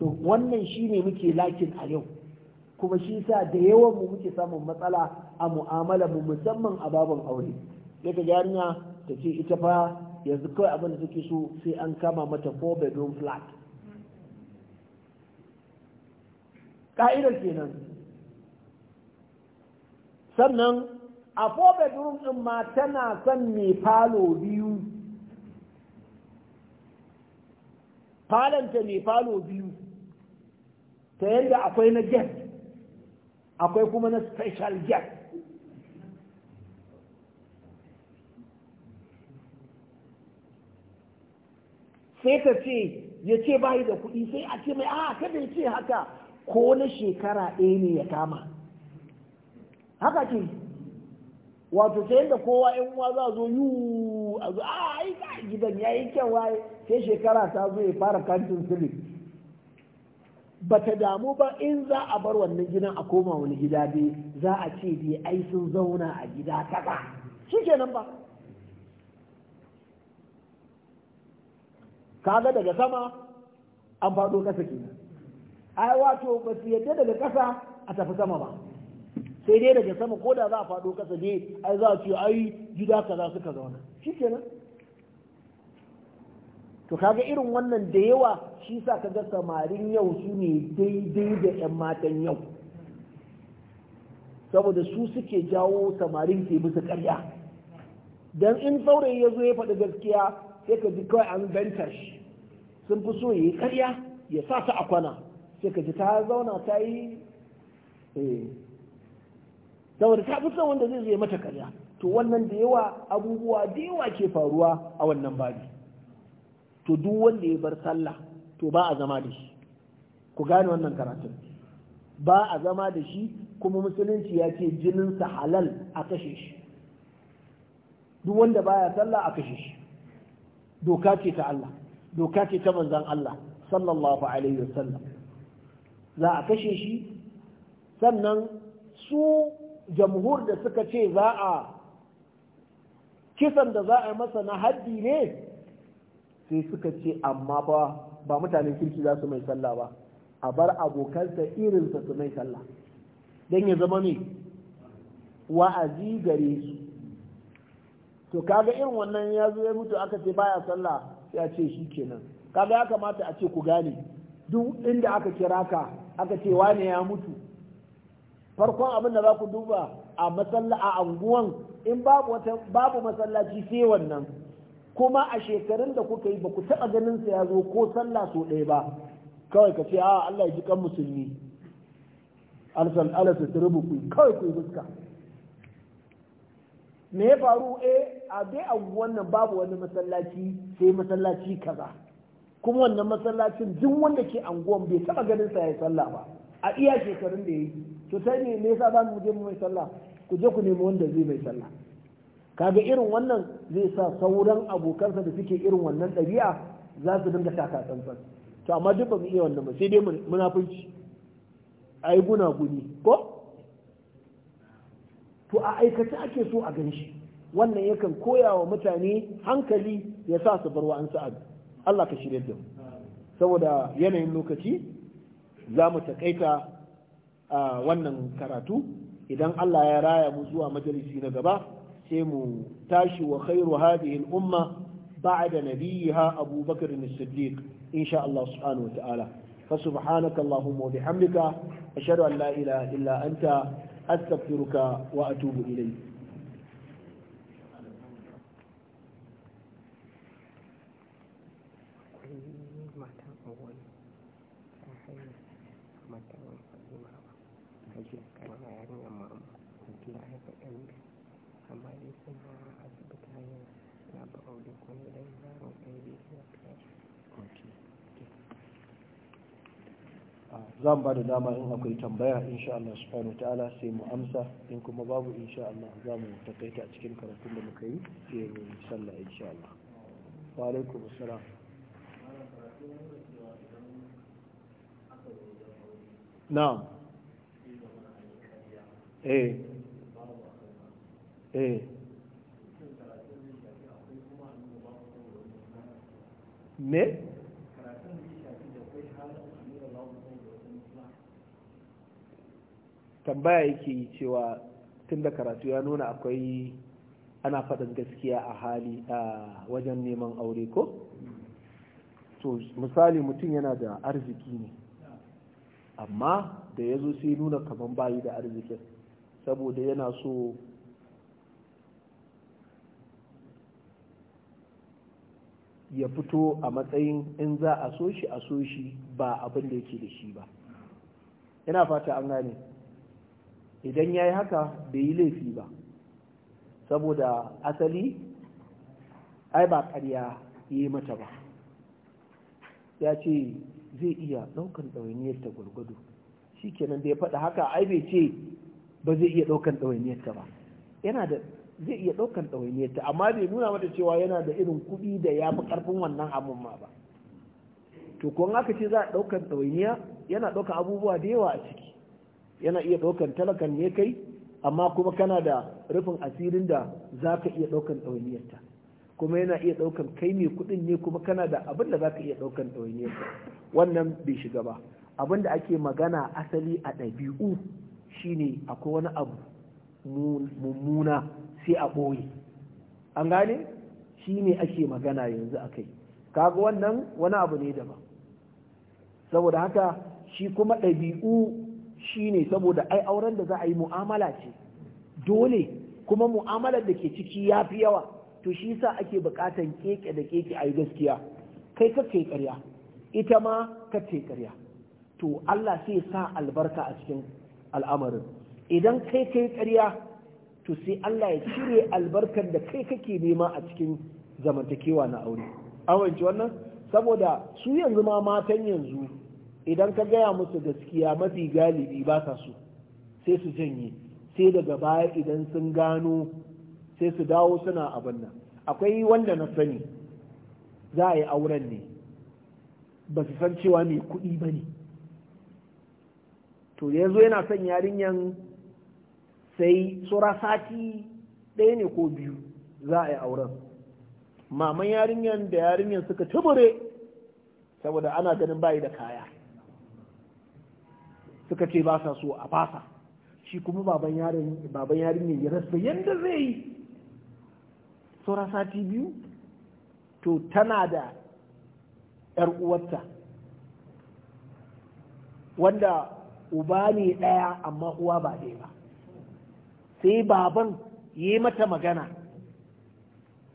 to wannan shine muke lakin a yau kuma shi sa da yawan mu muke samun matsala a mu'amala mu musamman a baban aure sai kaga yarinya ta ce ita fa yanzu kawai abin da take so sai an kama mata four bedroom flat ka'idar kenan sannan a four bedroom ɗin ma tana son mai falo biyu ta mai falo biyu ta yadda akwai na guest akwai kuma na special guest sai ka ce ya ce bayi da kuɗi sai a ce mai a kada ya ce haka ko na shekara ɗaya ne ya kama haka ce wato ta yadda kowa yan uwa za zo yu a zo ah, a yi gidan ya yi kyau waye sai shekara ta zo ya fara kantin silin ba ta damu ba in za a bar wannan gidan a koma wani gida dai za a ce dai ai sun zauna a gida kaza shi kenan ba kaga daga sama an faɗo kasa kenan ai wato ba su yadda daga kasa a tafi sama ba sai dai daga sama ko da za a faɗo kasa dai ai za a ce ai gida kaza suka zauna shi shikenan to kaga irin wannan da yawa shi sa kaga samarin yau su ne daidai da 'yan matan yau saboda su suke jawo samarin ke bisa karya don in saurayi ya zo ya faɗi gaskiya sai ka ji kawai an ganta shi sun fi so ya yi karya ya sa ta a kwana sai ka ji ta zauna ta yi eh, saboda ta fi son wanda zai zai mata karya to wannan da yawa abubuwa da yawa ke faruwa a wannan babi to duk wanda ya bar sallah to ba a zama da shi ku gane wannan karatun ba a zama da shi kuma musulunci ya ce jininsa halal a kashe shi duk wanda baya sallah a kashe shi doka ce ta Allah doka ce ta manzon Allah sallallahu alaihi wasallam za a kashe shi sannan su jamhur da suka ce za a kisan da za a yi masa na haddi ne sai suka ce amma ba ba mutanen kirki za su mai sallah ba a bar abokansa irinsa su mai sallah don ya zama ne wa'azi gare su to kaga irin wannan ya zo ya mutu aka ce baya sallah ya ce shi kenan kaga ya kamata a ce ku gane duk inda aka kira ka aka ce wane ya mutu farkon abin da za ku duba a matsala a anguwan in babu wata babu masallaci sai wannan kuma a shekarun da kuka yi ba ku taɓa ganin sa ya zo ko sallah so ɗaya ba kawai ka ce a Allah ya ji kan musulmi alsal alasa turbu ku kawai ku fuska me ya faru eh a bai anguwan nan babu wani masallaci sai masallaci kaza kuma wannan masallacin duk wanda ke anguwan bai taɓa ganin sa ya sallah ba a iya shekarun da ya yi to sai ne me yasa ba mu je mu mai sallah ku je ku nemi wanda zai mai sallah kaga irin wannan zai sa sauran abokansa da suke irin wannan ɗabi'a za su dinga taka tsantsan to amma duk ba mu iya wannan ba sai dai munafunci ai guna guni ko to a aikace ake so a ganshi wannan yakan koya wa mutane hankali ya sa su bar wa'ansu abu Allah ka shirya da mu saboda yanayin lokaci za mu takaita wannan karatu idan Allah ya raya mu zuwa majalisi na gaba sai mu tashi wa khairu hadhihi al-umma ba'da nabiyha Abu Bakr as-Siddiq insha Allah subhanahu wa ta'ala fa subhanaka Allahumma wa bihamdika ashhadu an la ilaha illa anta astaghfiruka wa atubu ilayk zan ba da dama in akwai tambaya insha Allah subhanahu ta'ala sai mu amsa in kuma babu insha Allah za mu takaita a cikin karatun da muka yi sai mu sallah insha Allah wa alaikum assalam na'am eh eh me tambaya yake yi cewa tun da karatu ya nuna akwai ana faɗin gaskiya a hali a wajen neman aure ko to misali mutum yana da arziki ne amma da ya zo sai nuna kaman bayi da arzikin saboda yana so ya fito a matsayin in za a so shi a so shi ba abin da yake da shi ba yana fata an gane idan ya yi haka bai yi laifi ba saboda asali ai ba karya yi mata ba ya ce zai iya ɗaukan ɗawainiyar ta gwargwado shi kenan da ya faɗa haka ai bai ce ba zai iya ɗaukan ɗawainiyarta ba yana da zai iya ɗaukan ɗawainiyarta amma bai nuna mata cewa yana da irin kuɗi da ya fi ƙarfin wannan abun ma ba to kun aka ce za a ɗaukan ɗawainiya yana ɗaukan abubuwa da yawa a ciki yana iya ɗaukan talakan ne kai amma kuma kana da rufin asirin da za ka iya ɗaukan ɗawainiyarta kuma yana iya ɗaukan kai mai kuɗin ne kuma kana da abin da za ka iya ɗaukan ɗawainiyarta wannan bai shiga ba abin da ake magana asali a ɗabi'u shine akwai wani abu mummuna sai a ɓoye an gane shi ne ake magana yanzu a kai kaga wannan wani abu ne daban saboda haka shi kuma ɗabi'u shi ne saboda ai auren da za a yi mu'amala ce dole kuma mu'amalar da ke ciki ya fi yawa to shi sa ake buƙatan keke da keke a yi gaskiya kai kake karya ita ma kake karya to Allah sai sa albarka a cikin al'amarin idan kai kai ƙarya to sai Allah ya cire albarkar da kai kake nema a cikin zamantakewa na aure awanci wannan saboda su yanzu ma matan yanzu idan ka gaya musu gaskiya mafi galibi ba sa so sai su janye sai daga baya idan sun gano sai su dawo suna abin nan akwai wanda na sani za a yi auren ne ba su san cewa mai kuɗi ba ne to yana son yarinyan sai tsura sati ɗaya ne ko biyu za a yi auren maman yarinyan da yarinyan suka tubure saboda ana ganin bayi da kaya suka ce ba sa so a fasa shi kuma baban yarinyan ya rasu yadda zai yi tsura sati biyu to tana da 'yar uwarta wanda uba ne ɗaya amma uwa ba ɗaya ba sai baban ya yi mata magana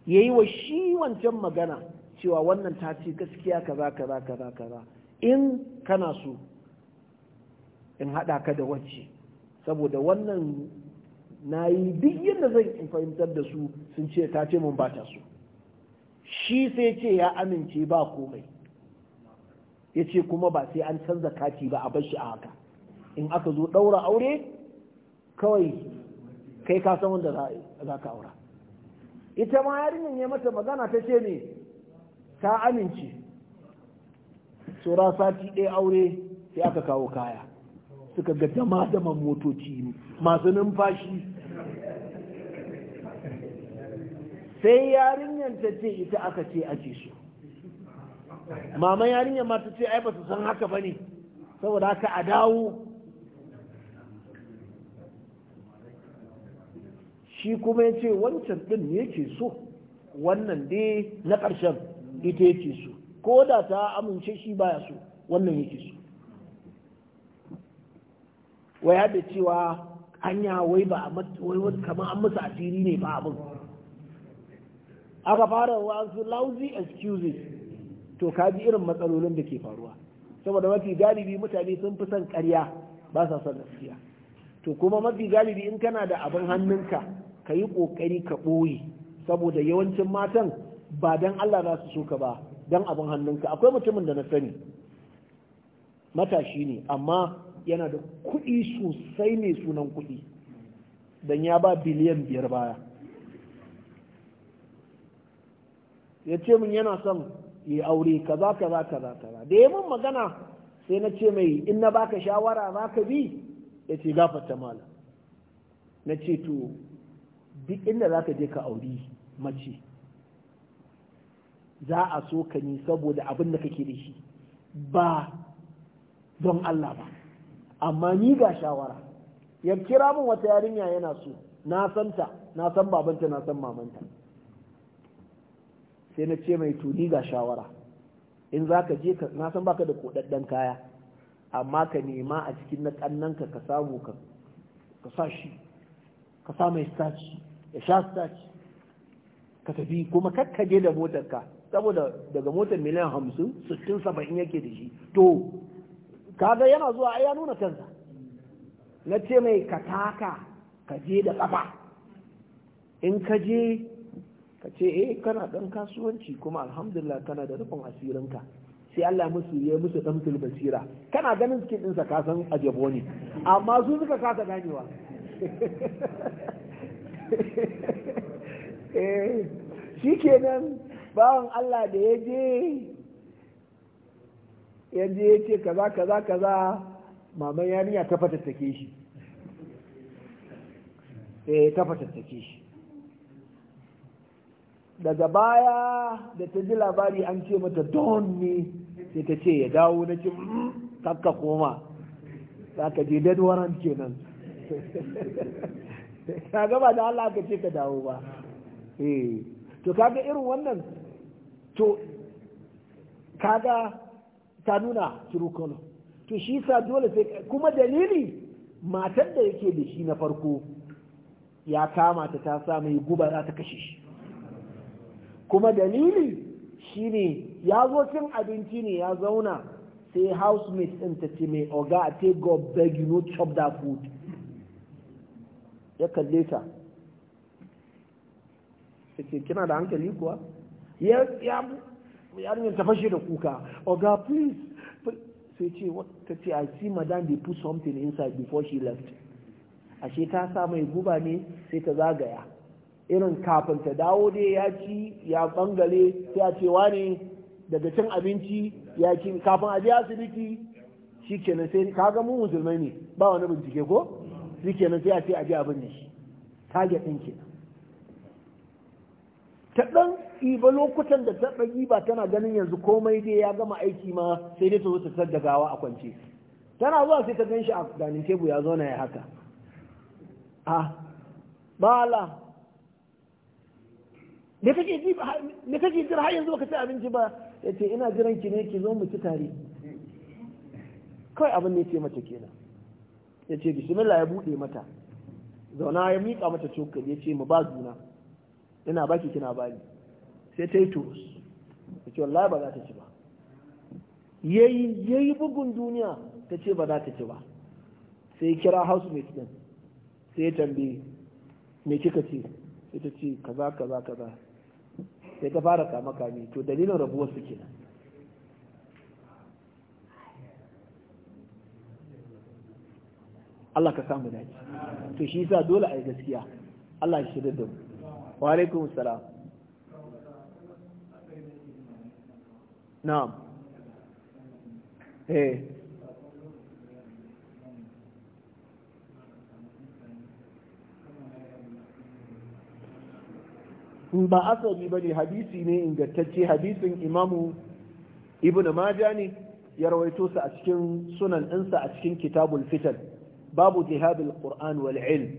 ya yi wa shi wancan magana cewa wannan ta ce gaskiya kaza kaza kaza kaza in kana so in haɗa ka da wacce saboda wannan na yi duk yadda zan in fahimtar da su sun ce ta ce mun bata su shi sai ce ya amince ba komai ya ce kuma ba sai an canza kati ba a bar shi a haka in aka zo ɗaura aure kawai kai ka san wanda za ka aura ita ma yarinyar ya mata magana ta ce ne ta amince tsora sati ɗaya aure sai aka kawo kaya suka ga dama daman motoci masu numfashi sai yarinyar ta ce ita aka ce ake so mama yarinyar ma ta ce ai ba su san haka ba ne saboda haka a dawo shi kuma ya ce wancan ɗin ne yake so wannan dai na ƙarshen ita yake so ko da ta amince shi baya so wannan yake so waya da cewa anya wai ba wai wani kamar an musu asiri ne ba abin aka fara wasu lousy excuses to kaji irin matsalolin da ke faruwa saboda mafi galibi mutane sun fi son karya ba sa son gaskiya to kuma mafi galibi in kana da abin hannunka ka yi ƙoƙari ka ɓoye saboda yawancin matan ba don Allah za su so ka ba don abin hannunka akwai mutumin da na sani matashi ne amma yana da kuɗi sosai mai sunan kuɗi don ya ba biliyan biyar baya ya ce min yana son yi aure kaza kaza kaza kaza da ya min magana sai na ce mai in na baka shawara za ka bi ya ce gafata mala na ce to duk inda za ka je ka auri mace za a so ka ne saboda abin da kake da shi ba don Allah ba amma ni ga shawara ya kira min wata yarinya yana so na santa na san babanta na san mamanta sai na ce mai tuni ga shawara in za ka je na san baka da kodaddan kaya amma ka nema a cikin na kannanka ka samu ka sa shi ka sa mai staci ya sha staci ka tafi kuma kakkaje da motarka saboda daga motar miliyan hamsin sittin saba'in yake da shi to kaga yana zuwa ya nuna kansa na ce mai ka taka ka je da kafa, in ka je ka ce eh kana dan kasuwanci kuma alhamdulillah kana da rufin asirinka sai Allah musu ya musu dan basira kana ganin cikin ɗinsa ka san ajabo ne amma su suka kasa ganewa Eh, shi kenan bawan Allah da ya je ya je ya ce kaza kaza kaza maman yarinya ta fatattake shi eh ta fatattake shi daga baya da ta ji labari an ce mata don ne sai ta ce ya dawo na ce mm, kakka koma za ka je dead warrant kenan ka gaba da Allah aka ce ka dawo ba eh, to kaga irin wannan to kaga ta nuna turukolo to shi sa dole sai kuma dalili matar da yake da shi na farko ya kama ta ta sa mai guba za ta kashe shi kuma dalili shi ne ya zo cin abinci ne ya zauna sai housemate ɗin ta ce mai oga a take go beg you no chop that food ya kalle ta ce kina da hankali kuwa ya ya yarinyar ta fashe da kuka oga please sai ce ta ce i see madam they put something inside before she left ashe ta sa mai guba ne sai ta zagaya irin kafin ta dawo dai ya ci ya bangale sai a cewa ne daga cin abinci ya ci kafin a je asibiti shi kenan sai ka ga mu musulmai ne ba wani bincike ko shi nan sai a ce a ji abin da shi target ɗin ke. ta ɗan iba lokutan da ta ɗan ba tana ganin yanzu komai dai ya gama aiki ma sai dai ta zo ta sadda gawa a kwance tana zuwa sai ta ganshi a ganin tebu ya zauna ya haka a bala me kake ji jira har yanzu baka ci abinci ba yace ina jiran ki ne ki zo mu ci tare kawai abin ne ce mace kenan ya ce bismillah ya buɗe mata zauna ya miƙa mata cokali ya ce mu ba juna ina baki kina bani sai ta yi turus ya ce wallahi ba za ta ci ba ya yi bugun duniya ta ce ba za ta ci ba sai kira house mate din sai ya tambaye me kika ce sai ta ce kaza kaza kaza sai ta fara kama kame to dalilin rabuwar su kenan Allah ka samu shi to shi yasa dole a yi gaskiya Allah ya shirya da mu wa alaikum salam na'am eh ba asali ba ne hadisi ne ingantacce hadisin imamu ibn majani ya rawaito sa a cikin sunan ɗinsa a cikin kitabul fitan باب جهاد القرآن والعلم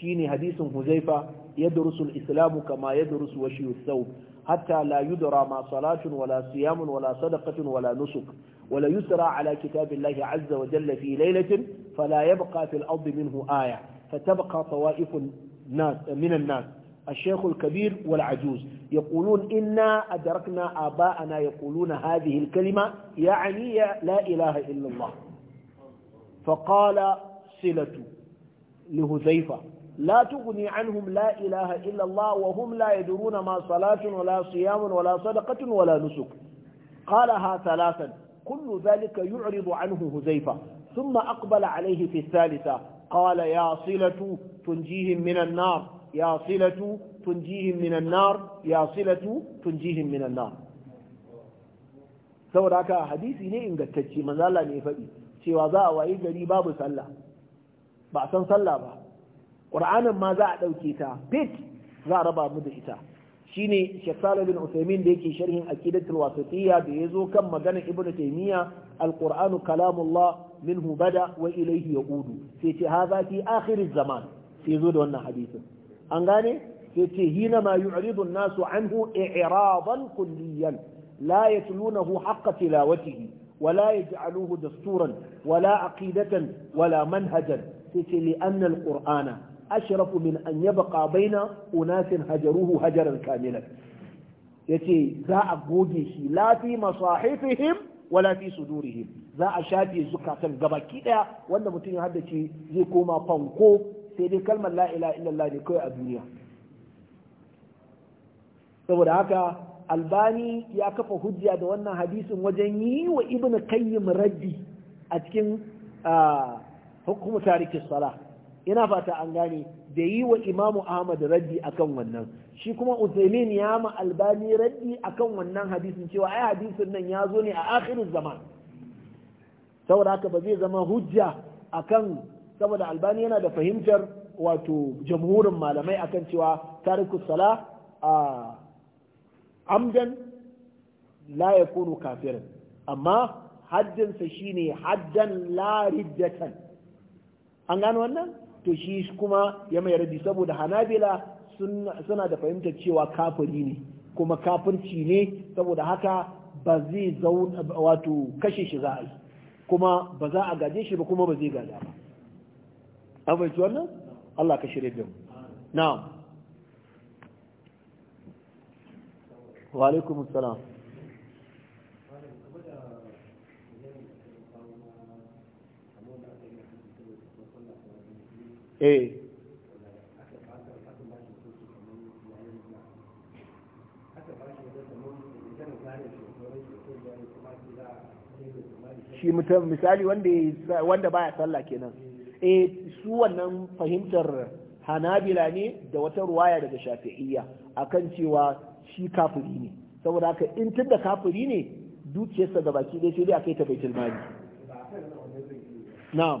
شين حديث هزيفة يدرس الإسلام كما يدرس وشي الثوب حتى لا يدرى ما صلاة ولا صيام ولا صدقة ولا نسك ولا يسرى على كتاب الله عز وجل في ليلة فلا يبقى في الأرض منه آية فتبقى طوائف الناس من الناس الشيخ الكبير والعجوز يقولون إنا أدركنا آباءنا يقولون هذه الكلمة يعني لا إله إلا الله فقال silatu li huzaifa la tughni anhum la ilaha illa Allah wa hum la yadruna ma salatun wala siyamun wala sadaqatun wala nusuk qalaha thalathan kullu dhalika yu'ridu anhu huzaifa ثم أقبل alaihi في الثالثة قال يا صلة تنجيهم من النار يا صلة تنجيهم من النار يا صلة تنجيهم من النار saboda haka hadisi ne ingantacce manzo Allah ne ya faɗi cewa za a wayi gari babu sallah ba a san sallah ba ƙur'anin ma za a ɗauke ta fit za a raba mu da ita shine ne Salih bin da yake sharhin aqidatul wasatiyya da yazo kan magana Ibn Taymiyyah al-Qur'anu kalamullah minhu bada wa ilayhi yaudu sai ce hadha fi akhir zaman sai zo da wannan hadisin an gane sai ce hina ma yu'ridu an-nasu anhu i'radan kulliyan la yatlunahu haqqa tilawatihi ولا يجعلوه دستورا ولا عقيدة ولا منهجا sai ce li annal qur'ana ashrafu min an yabqa baina unasin hajaruhu hajaran kamilan yace za a goge shi la haifihim wa wala su durihim za a shafe zukatan gabaki ɗaya wanda mutum ya haddace zai koma fanko sai dai kalmar la ilaha illallah ne kawai a duniya saboda haka albani ya kafa hujja da wannan hadisin wajen yi wa ibn kayyim raddi a cikin ah, hukumu tariki sala ina fata an gane da yi wa imamu ahmad raddi akan wannan shi kuma usaimin ya ma albani raddi akan wannan hadisin cewa ai hadisin nan ya zo ne a akhirin zaman saboda haka ba zai zama hujja akan saboda albani yana da fahimtar wato jamhurin malamai akan cewa tariku sala a amdan la yakunu kafirin amma haddinsa shine haddan la riddatan an gano wannan to shi kuma ya mai radi saboda hanabila suna da fahimtar cewa kafiri ne kuma kafirci ne saboda haka ba zai zauna wato kashe shi za a yi kuma ba za a gaje shi ba kuma ba zai gaza ba an fahimci wannan Allah ka shirya da mu na'am wa alaikumussalam eh shi mutum misali wanda baya sallah kenan eh su wannan fahimtar hanabila ne da wata ruwaya daga shafi'iyya akan cewa shi kafuri ne saboda haka in tunda kafuri ne dukiyarsa ga baki dai sai dai akai ta baitul mali na'am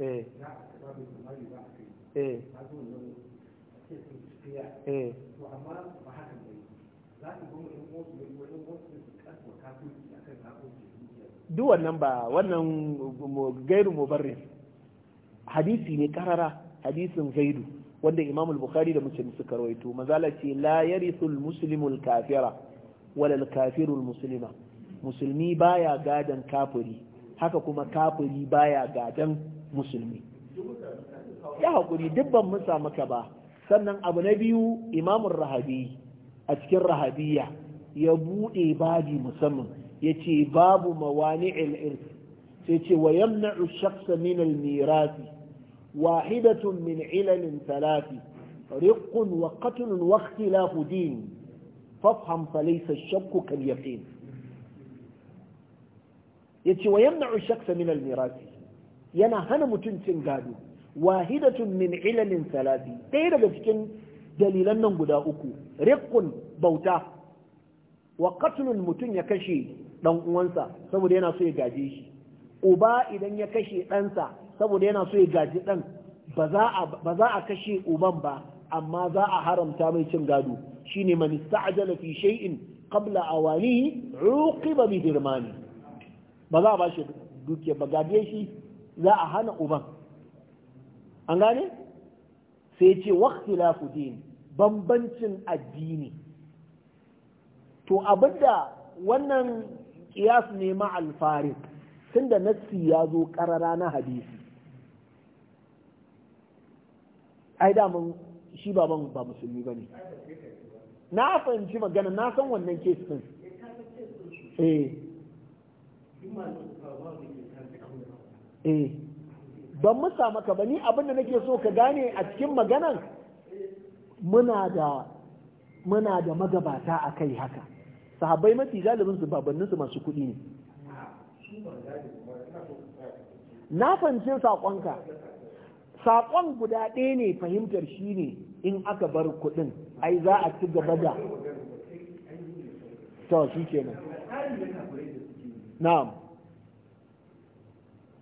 Eh. Eh. Eh. wannan ba wannan gairu mubarrin hadisi ne karara hadisin gairu wanda imamul bukhari da muslim suka rawaito mazala ce la yarithul muslimul kafira walal al-kafiru al-muslima musulmi baya gadan kafiri haka kuma kafiri baya gadan musulmi ya haƙuri dubban mun samu ba sannan abu na biyu imamun rahabi a cikin rahabiya ya buɗe babi musamman ya ce babu mawani irth sai ce wa yamna shakhsa min al-mirasi wahidatun min ilalin talafi wa رق وقتل واختلاف دين فافهم فليس الشك كاليقين يتي ويمنع الشخص من الميراث yana hana mutum cin gado wahidatun min ilalin salati ɗaya daga cikin dalilan nan guda uku rikun bauta wa qatlun mutum ya kashe ɗan uwansa saboda yana so ya gaje shi uba idan ya kashe ɗansa saboda yana so ya gaji ɗan ba za a kashe uban ba amma za a haramta mai cin gado shine man sa'ajala fi shay'in qabla awanihi uqiba bi hirmani ba za a ba shi dukiya ba gaje shi za a hana uban an gane sai ce waqtilafu din bambancin addini to abinda wannan kiyas ne ma tun tunda nassi ya zo karara na hadisi ai da mun shi baban ba musulmi bane na fahimci magana na san wannan case din eh eh ban musa maka ba ni abin da nake so ka gane a cikin maganan muna da muna da magabata a kai haka sahabbai mafi galibin su babannin masu kuɗi ne na fahimci saƙonka saƙon guda ɗaya ne fahimtar shi ne in aka bar kuɗin ai za a ci gaba da to shi kenan na'am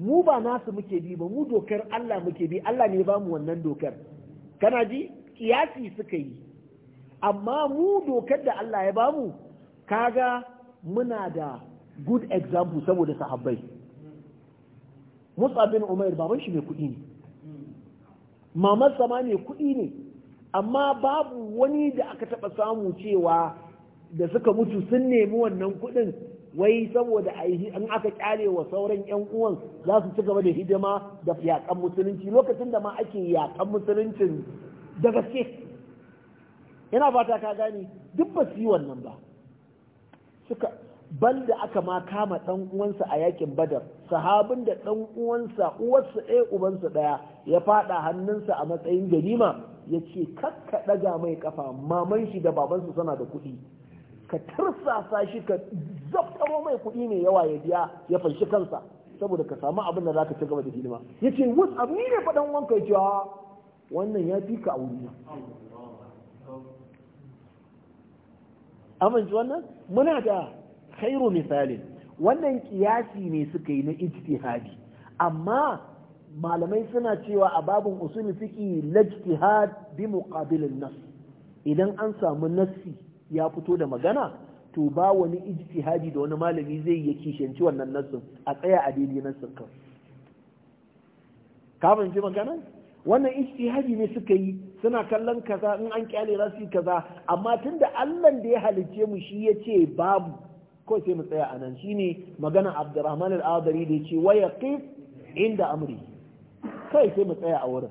mu ba nasu muke bi ba mu dokar Allah muke bi Allah ne ba mu wannan dokar kana ji kiyasi suka yi amma mu dokar da Allah ya ba mu kaga muna da good example saboda sahabbai Musa bin Umair baban shi mai kuɗi ne mamar sama mai kuɗi ne amma babu wani da aka taɓa samu cewa da suka mutu sun nemi wannan kuɗin wai saboda an aka kyale wa sauran yan uwan za su ci gaba da hidima da yakan musulunci lokacin da ma ake yakan musuluncin da gaske yana fata ka gane duk ba su yi wannan ba suka bal da aka ma kama dan uwansa a yakin badar sahabin da dan uwansa uwarsa ɗaya ubansa ɗaya ya fada hannunsa a matsayin ganima ya ce kakka ɗaga mai kafa maman shi da babansa suna da kuɗi ka tursasa shi ka zaftaro mai kuɗi mai yawa ya biya ya fanshi kansa saboda ka samu abin da zaka ci gaba da hidima yace wus abu ne faɗan wanka ya cewa wannan ya fi ka auri amince wannan muna da khairu misali. wannan kiyasi ne suka yi na ijtihadi amma malamai suna cewa a babun usul fiqi lajtihad bi muqabilin nas idan an samu nassi ya fito da magana to ba wani ijtihadi da wani malami zai yi kishanci wannan nassin a tsaya a daidai nassin kan ka fahimci magana wannan ijtihadi ne suka yi suna kallon kaza in an kyale za kaza amma tunda Allah da ya halice mu shi ya ce babu ko sai mu tsaya a nan shine magana Abdurrahman al-Adari da yace wa yaqif inda amri kai sai mu tsaya a wurin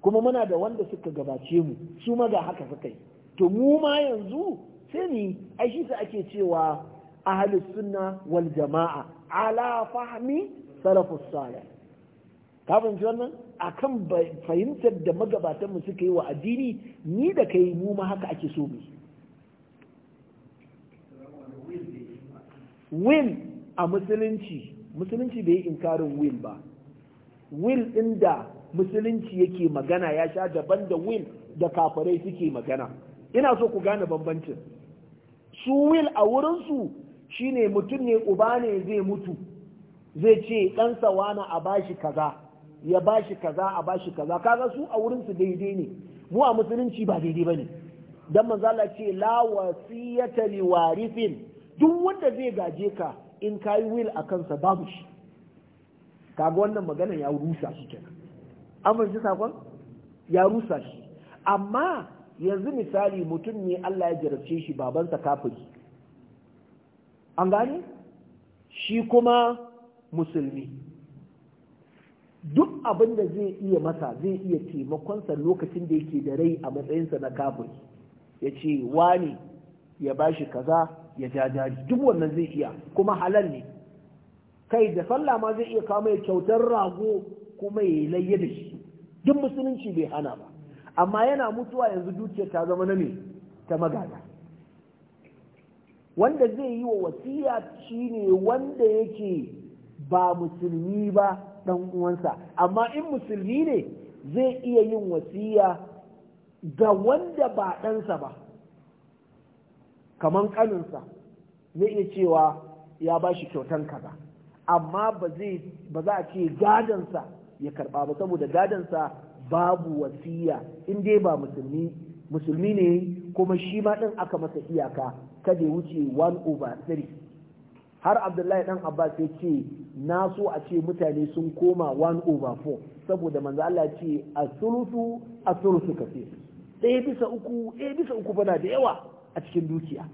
kuma muna da wanda suka gabace mu su ma ga haka suka yi to mu ma yanzu sai ni ai shi ake cewa ahlus sunna wal jama'a ala fahmi salafus salih ka fahimci wannan akan fahimtar da magabatan mu suka yi wa addini ni da kai mu ma haka ake so mu will a musulunci musulunci bai yi inkarin will ba will ɗin da musulunci yake magana ya sha daban da will da kafirai suke magana ina so ku gane bambancin su will a wurinsu shine mutum ne uba ne zai mutu zai ce ɗansa wani a bashi kaza ya bashi kaza a bashi kaza kaga su a wurinsu daidai ne mu a musulunci ba daidai ba ne Don manzala ce la wasiyata li warifin duk wanda zai gaje ka in kayi will a kansa babu shi kaga wannan magana ya rusa shi kenan sakon ya rusa shi amma yanzu misali mutum ne Allah ya jarabce shi babansa kafiri an gani shi kuma musulmi duk abin da zai iya masa zai iya taimakonsa lokacin da yake da rai a matsayinsa na kafiri ya ce wani ya bashi kaza ya jajari duk wannan zai iya kuma halal ne kai da sallah ma zai iya kama ya kyautar rago kuma ya layya da shi duk musulunci bai hana ba amma yana mutuwa yanzu dukiyar ta zama na ne ta magana wanda zai yi wa wasiya shine wanda yake ba musulmi ba dan uwansa amma in musulmi ne zai iya yin wasiya ga wanda ba ɗansa ba kamar kaninsa zai iya cewa ya ba shi kyautan kaza amma ba za a ce gadansa ya karɓa ba saboda gadansa babu wasiya in dai ba musulmi musulmi ne kuma shi ma din aka masa iyaka kada ya wuce 1 over 3 har abdullahi dan abbas ya ce na so a ce mutane sun koma 1 over 4 saboda manzo Allah ce as-sulusu as-sulusu kaseer ɗaya bisa uku ɗaya bisa uku bana da yawa a cikin dukiya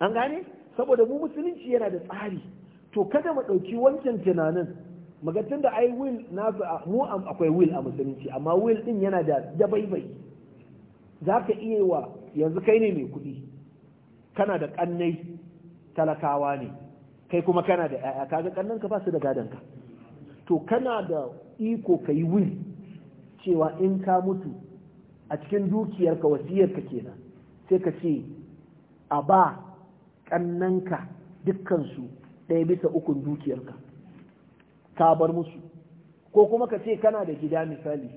an gane saboda mu musulunci yana da tsari to kada mu ɗauki wancan tunanin magatun da ai will nasu mu akwai will a musulunci amma will din yana da dabaibai za ka iya wa yanzu kai ne mai kuɗi kana da ƙannai talakawa ne kai kuma kana da 'ya'ya kaga ƙannan ka basu su da gadon ka to kana da iko ka yi will cewa in ka mutu a cikin dukiyarka wasiyarka kenan sai ka ce a ba ka dukkansu ɗaya bisa ukun dukiyarka ka bar musu ko kuma ka ce kana da gida misali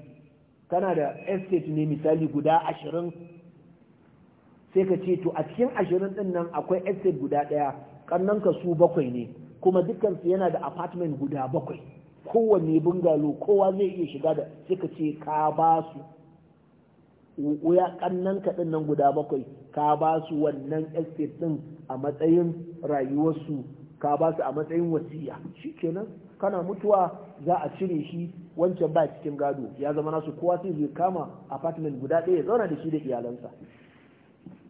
kana da estate ne misali guda ashirin sai ka ce to a cikin ashirin din nan akwai estate guda ɗaya kannan ka su bakwai ne kuma dukkansu yana da apartment guda bakwai kowanne bungalo kowa zai iya shiga da sai ka ce ka ba su wuya kannan ka nan guda bakwai ka ba su wannan estate din a matsayin rayuwarsu ka ba su a matsayin wasiya shi kenan kana mutuwa za a cire shi wancan ba cikin gado ya zama nasu kowa sai zai kama apartment guda ɗaya zauna da shi da iyalansa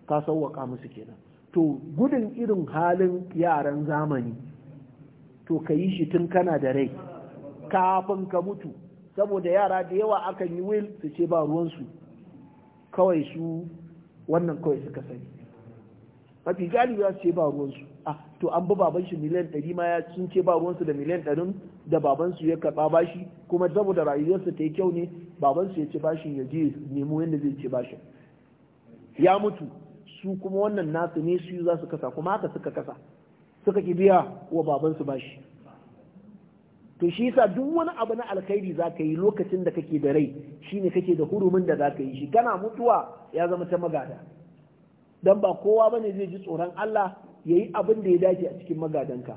ka sauwaka musu kenan to gudun irin halin yaran zamani to ka yi shi tun kana da rai kafin ka mutu saboda yara da yawa akan yi wil su ce ba ruwansu kawai su wannan kawai suka sani mafi galibi za su ce ba ruwansu to an bi baban shi miliyan ɗari ma ya sun ce ba ruwansu da miliyan ɗarin da baban su ya karɓa bashi kuma saboda rayuwarsa ta yi kyau ne baban su ya ci bashin ya je nemo yadda zai ci bashin ya mutu su kuma wannan nasu ne su za su kasa kuma haka suka kasa suka ki biya wa baban su bashi to shi yasa duk wani abu na alkhairi za ka yi lokacin da kake da rai shine kake da hurumin da za ka yi shi kana mutuwa ya zama ta magada dan ba kowa bane zai ji tsoron Allah yayi abin da ya dace a cikin magadanka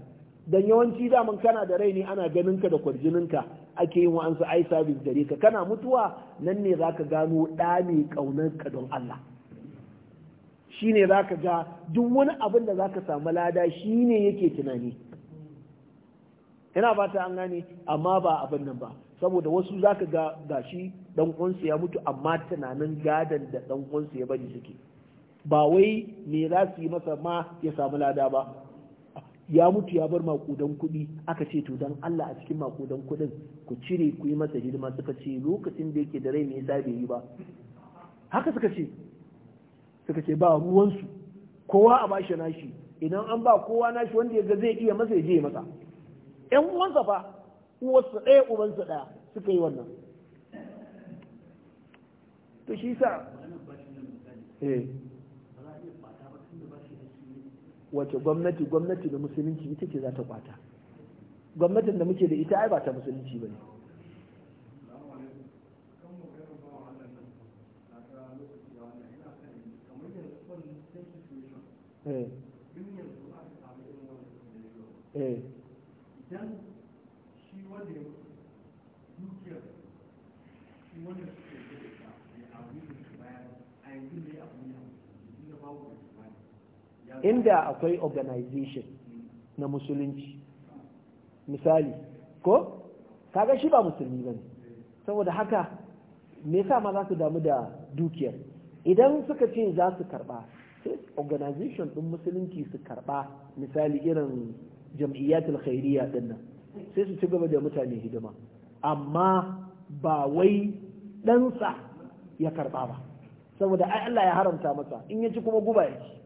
dan yawanci daman kana da rai ne ana ganin ka da kwarjininka ake yin wa'ansu ai sabis gare ka kana mutuwa nan ne za ka gano ɗa mai ƙaunar ka don Allah Shi ne za ka ga duk wani abin da za ka samu lada shi ne yake tunani ina fata an gane amma ba abin nan ba saboda wasu za ka ga gashi dan uwansu ya mutu amma tunanin gadon da dan uwansu ya bari suke ba wai me za su yi masa ma ya samu lada ba ya mutu ya bar makudan kuɗi aka ce to dan Allah a cikin makudan kuɗin ku cire ku yi masa hidima suka ce lokacin da yake da rai me yasa bai yi ba haka suka ce suka ce ba ruwansu kowa a bashi nashi idan an ba kowa nashi wanda ya ga zai iya masa ya je masa ƴan uwansa fa uwarsa ɗaya ubansa ɗaya suka yi wannan to shi sa eh wace gwamnati gwamnati da musulunci ita ce za ta kwata gwamnatin da muke da ita ai ba ta musulunci ba ne Eh. eh. inda akwai organization na musulunci misali ko kaga shi ba musulmi ba ne saboda haka me yasa ma za su damu da dukiyar idan suka ce za su karba sai organization din musulunci su karba misali irin jam'iyyatul khairiyya din nan sai su ci gaba da mutane hidima amma ba wai ɗansa ya karba ba saboda ai Allah ya haramta masa in ya ci kuma guba ya ci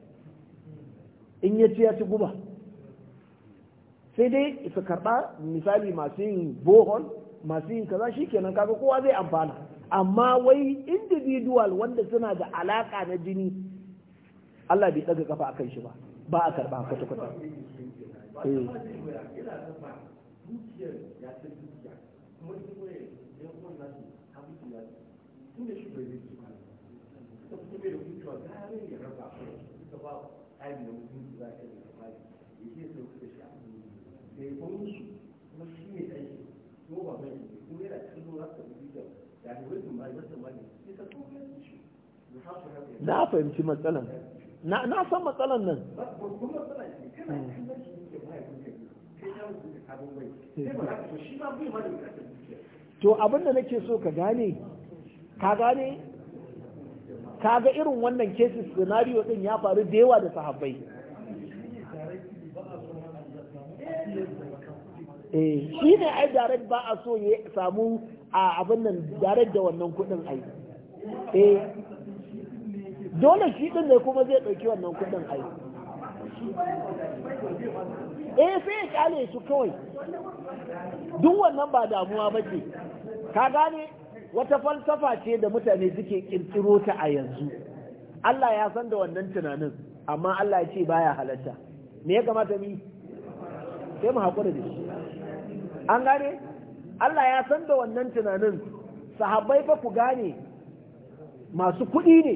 in ya ci ya ci guba sai dai su karɓa misali masu yin bohon masu yin kaza shi kenan kaga kowa zai amfana amma wai individual wanda suna da alaka na jini Allah bai ɗaga kafa akan shi ba ba a karɓa kwata kwata eh. Thank you. za na fahimci matsalan na san matsalan nan to abinda nake so ka gane ka gane ka ga irin wannan cases scenario din ya faru da yawa da sahabbai Eh, shi ne ai direct ba a so ya samu a abin nan direct da wannan kudin ai eh dole shi din ne kuma zai dauki wannan kudin ai eh sai ya kyale su kawai duk wannan ba damuwa ba ce ka gane wata falsafa ce da mutane suke kirkiro ta a yanzu Allah ya san da wannan tunanin amma Allah ya ce baya halatta me ya kamata mu sai mu haƙura da shi an gane Allah ya san da wannan tunanin sahabbai fa ku gane masu kuɗi ne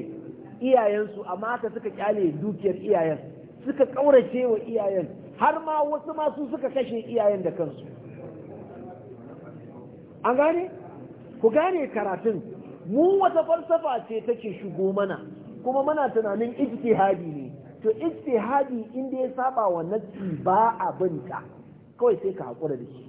iyayensu amma aka suka kyale dukiyar iyayen suka ƙaurace wa iyayen har ma wasu masu suka kashe iyayen da kansu an gane ku gane karatun mu wata falsafa ce take shigo mana kuma muna tunanin ijtihadi ne to ijtihadi inda ya saba wa nassi ba ka, kawai sai ka haƙura da shi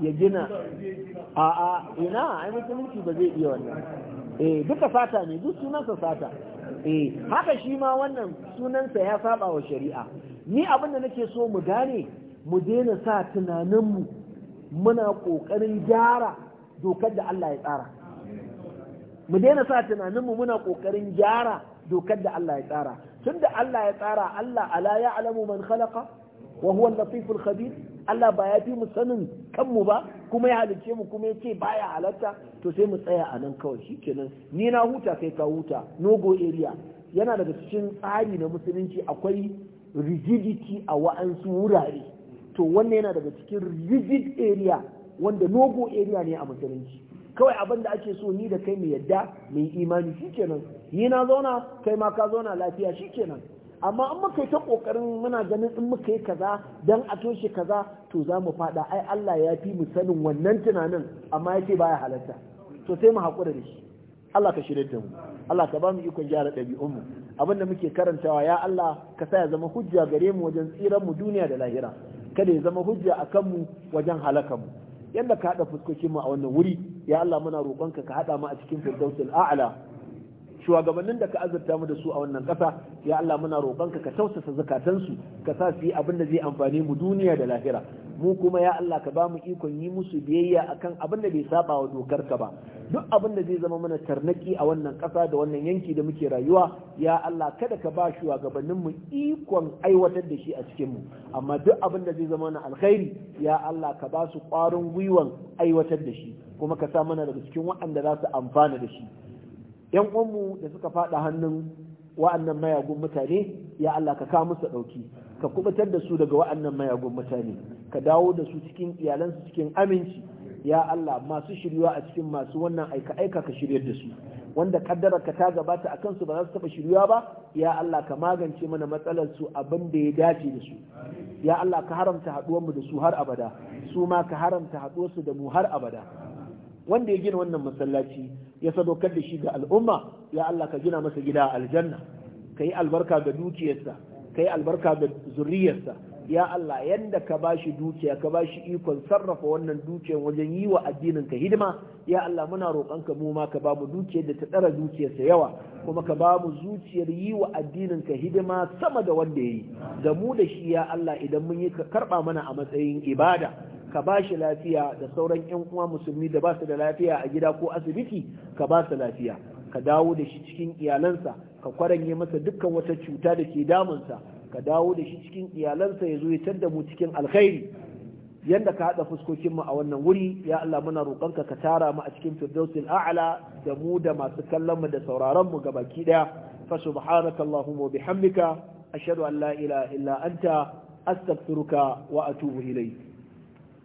ya gina a a ina ai musulunci ba zai iya wannan eh duka fata ne duk sunansa fata. eh haka shi ma wannan sunansa ya saba wa shari'a ni abin da nake so mu gane mu daina sa tunaninmu muna ƙoƙarin gyara dokar da Allah ya tsara mu daina sa tunaninmu muna ƙoƙarin gyara dokar da Allah ya tsara tunda Allah ya tsara Allah ala ya alamu man khalaqa wa huwa latiful khabir Allah ba ya fi mu sanin kanmu ba kuma ya halice mu kuma ya ce baya halatta to sai mu tsaya a nan kawai shikenan ni na huta kai ka huta no go area yana daga cikin tsari na musulunci akwai rigidity a wa'ansu wurare to wannan yana daga cikin rigid area wanda no go area ne a musulunci kawai abin da ake so ni da kai mu yadda mu imani shikenan ni na zauna kai ma ka zauna lafiya shikenan amma in muka yi ta kokarin muna ganin in muka yi kaza dan a toshe kaza to za mu fada ai Allah ya fi mu sanin wannan tunanin amma yake baya halatta to sai mu hakura da shi Allah ka shirye da mu Allah ka ba mu ikon gyara ɗabi'un mu abinda muke karantawa ya Allah ka sa ya zama hujja gare mu wajen tsiran mu duniya da lahira kada ya zama hujja akan mu wajen halakar mu yanda ka haɗa fuskokin mu a wannan wuri ya Allah muna roƙonka ka haɗa mu a cikin firdausul a'la shugabannin da ka azurta mu da su a wannan ƙasa ya Allah muna roƙonka ka tausasa zakatansu ka sa su yi abin da zai amfani mu duniya da lahira mu kuma ya Allah ka ba mu ikon yi musu biyayya akan abin da bai saba wa dokar ka ba duk abin da zai zama mana tarnaki a wannan ƙasa da wannan yanki da muke rayuwa ya Allah kada ka ba shugabannin mu ikon aiwatar da shi a cikin mu amma duk abin da zai zama mana alkhairi ya Allah ka ba su ƙwarin gwiwan aiwatar da shi kuma ka sa mana daga cikin waɗanda za su amfana da shi yan uwanmu da suka fada hannun wa'annan mayagun mutane ya Allah ka kawo musu dauki ka kubutar da su daga wa'annan mayagun mutane ka dawo da su cikin iyalansu cikin aminci ya Allah masu shiryuwa a cikin masu wannan aika aika ka shiryar da su wanda kaddara ka ta gabata a kansu ba za su taba shiryuwa ba ya Allah ka magance mana matsalar su abin da ya dace da su ya Allah ka haramta haduwar mu da su har abada su ma ka haramta haduwar su da mu har abada wanda ya gina wannan masallaci ya sadaukar da shi ga al'umma ya Allah ka gina masa gida aljanna ka yi albarka ga dukiyarsa ka yi albarka ga zuriyarsa ya Allah yanda ka bashi dukiya ka bashi ikon sarrafa wannan dukiyar wajen yi wa addinin ka hidima ya Allah muna roƙon ka mu ma ka bamu dukiyar da ta tsara dukiyarsa yawa kuma ka bamu zuciyar yi wa addinin ka hidima sama da wanda yayi da mu da shi ya Allah idan mun yi ka karba mana a matsayin ibada ka ba shi lafiya da sauran yan uwa musulmi da ba su da lafiya a gida ko asibiti ka ba su lafiya ka dawo da shi cikin iyalansa ka kwaranye masa dukkan wata cuta da ke damunsa ka dawo da shi cikin iyalansa ya zo ya tadda mu cikin alkhairi yanda ka haɗa fuskokinmu a wannan wuri ya Allah muna roƙonka ka tara mu a cikin firdausil a'la da mu da masu kallon mu da sauraron mu gabaki daya fa subhanaka allahumma wa bihamdika ashhadu an la ilaha illa anta astaghfiruka wa atubu ilayk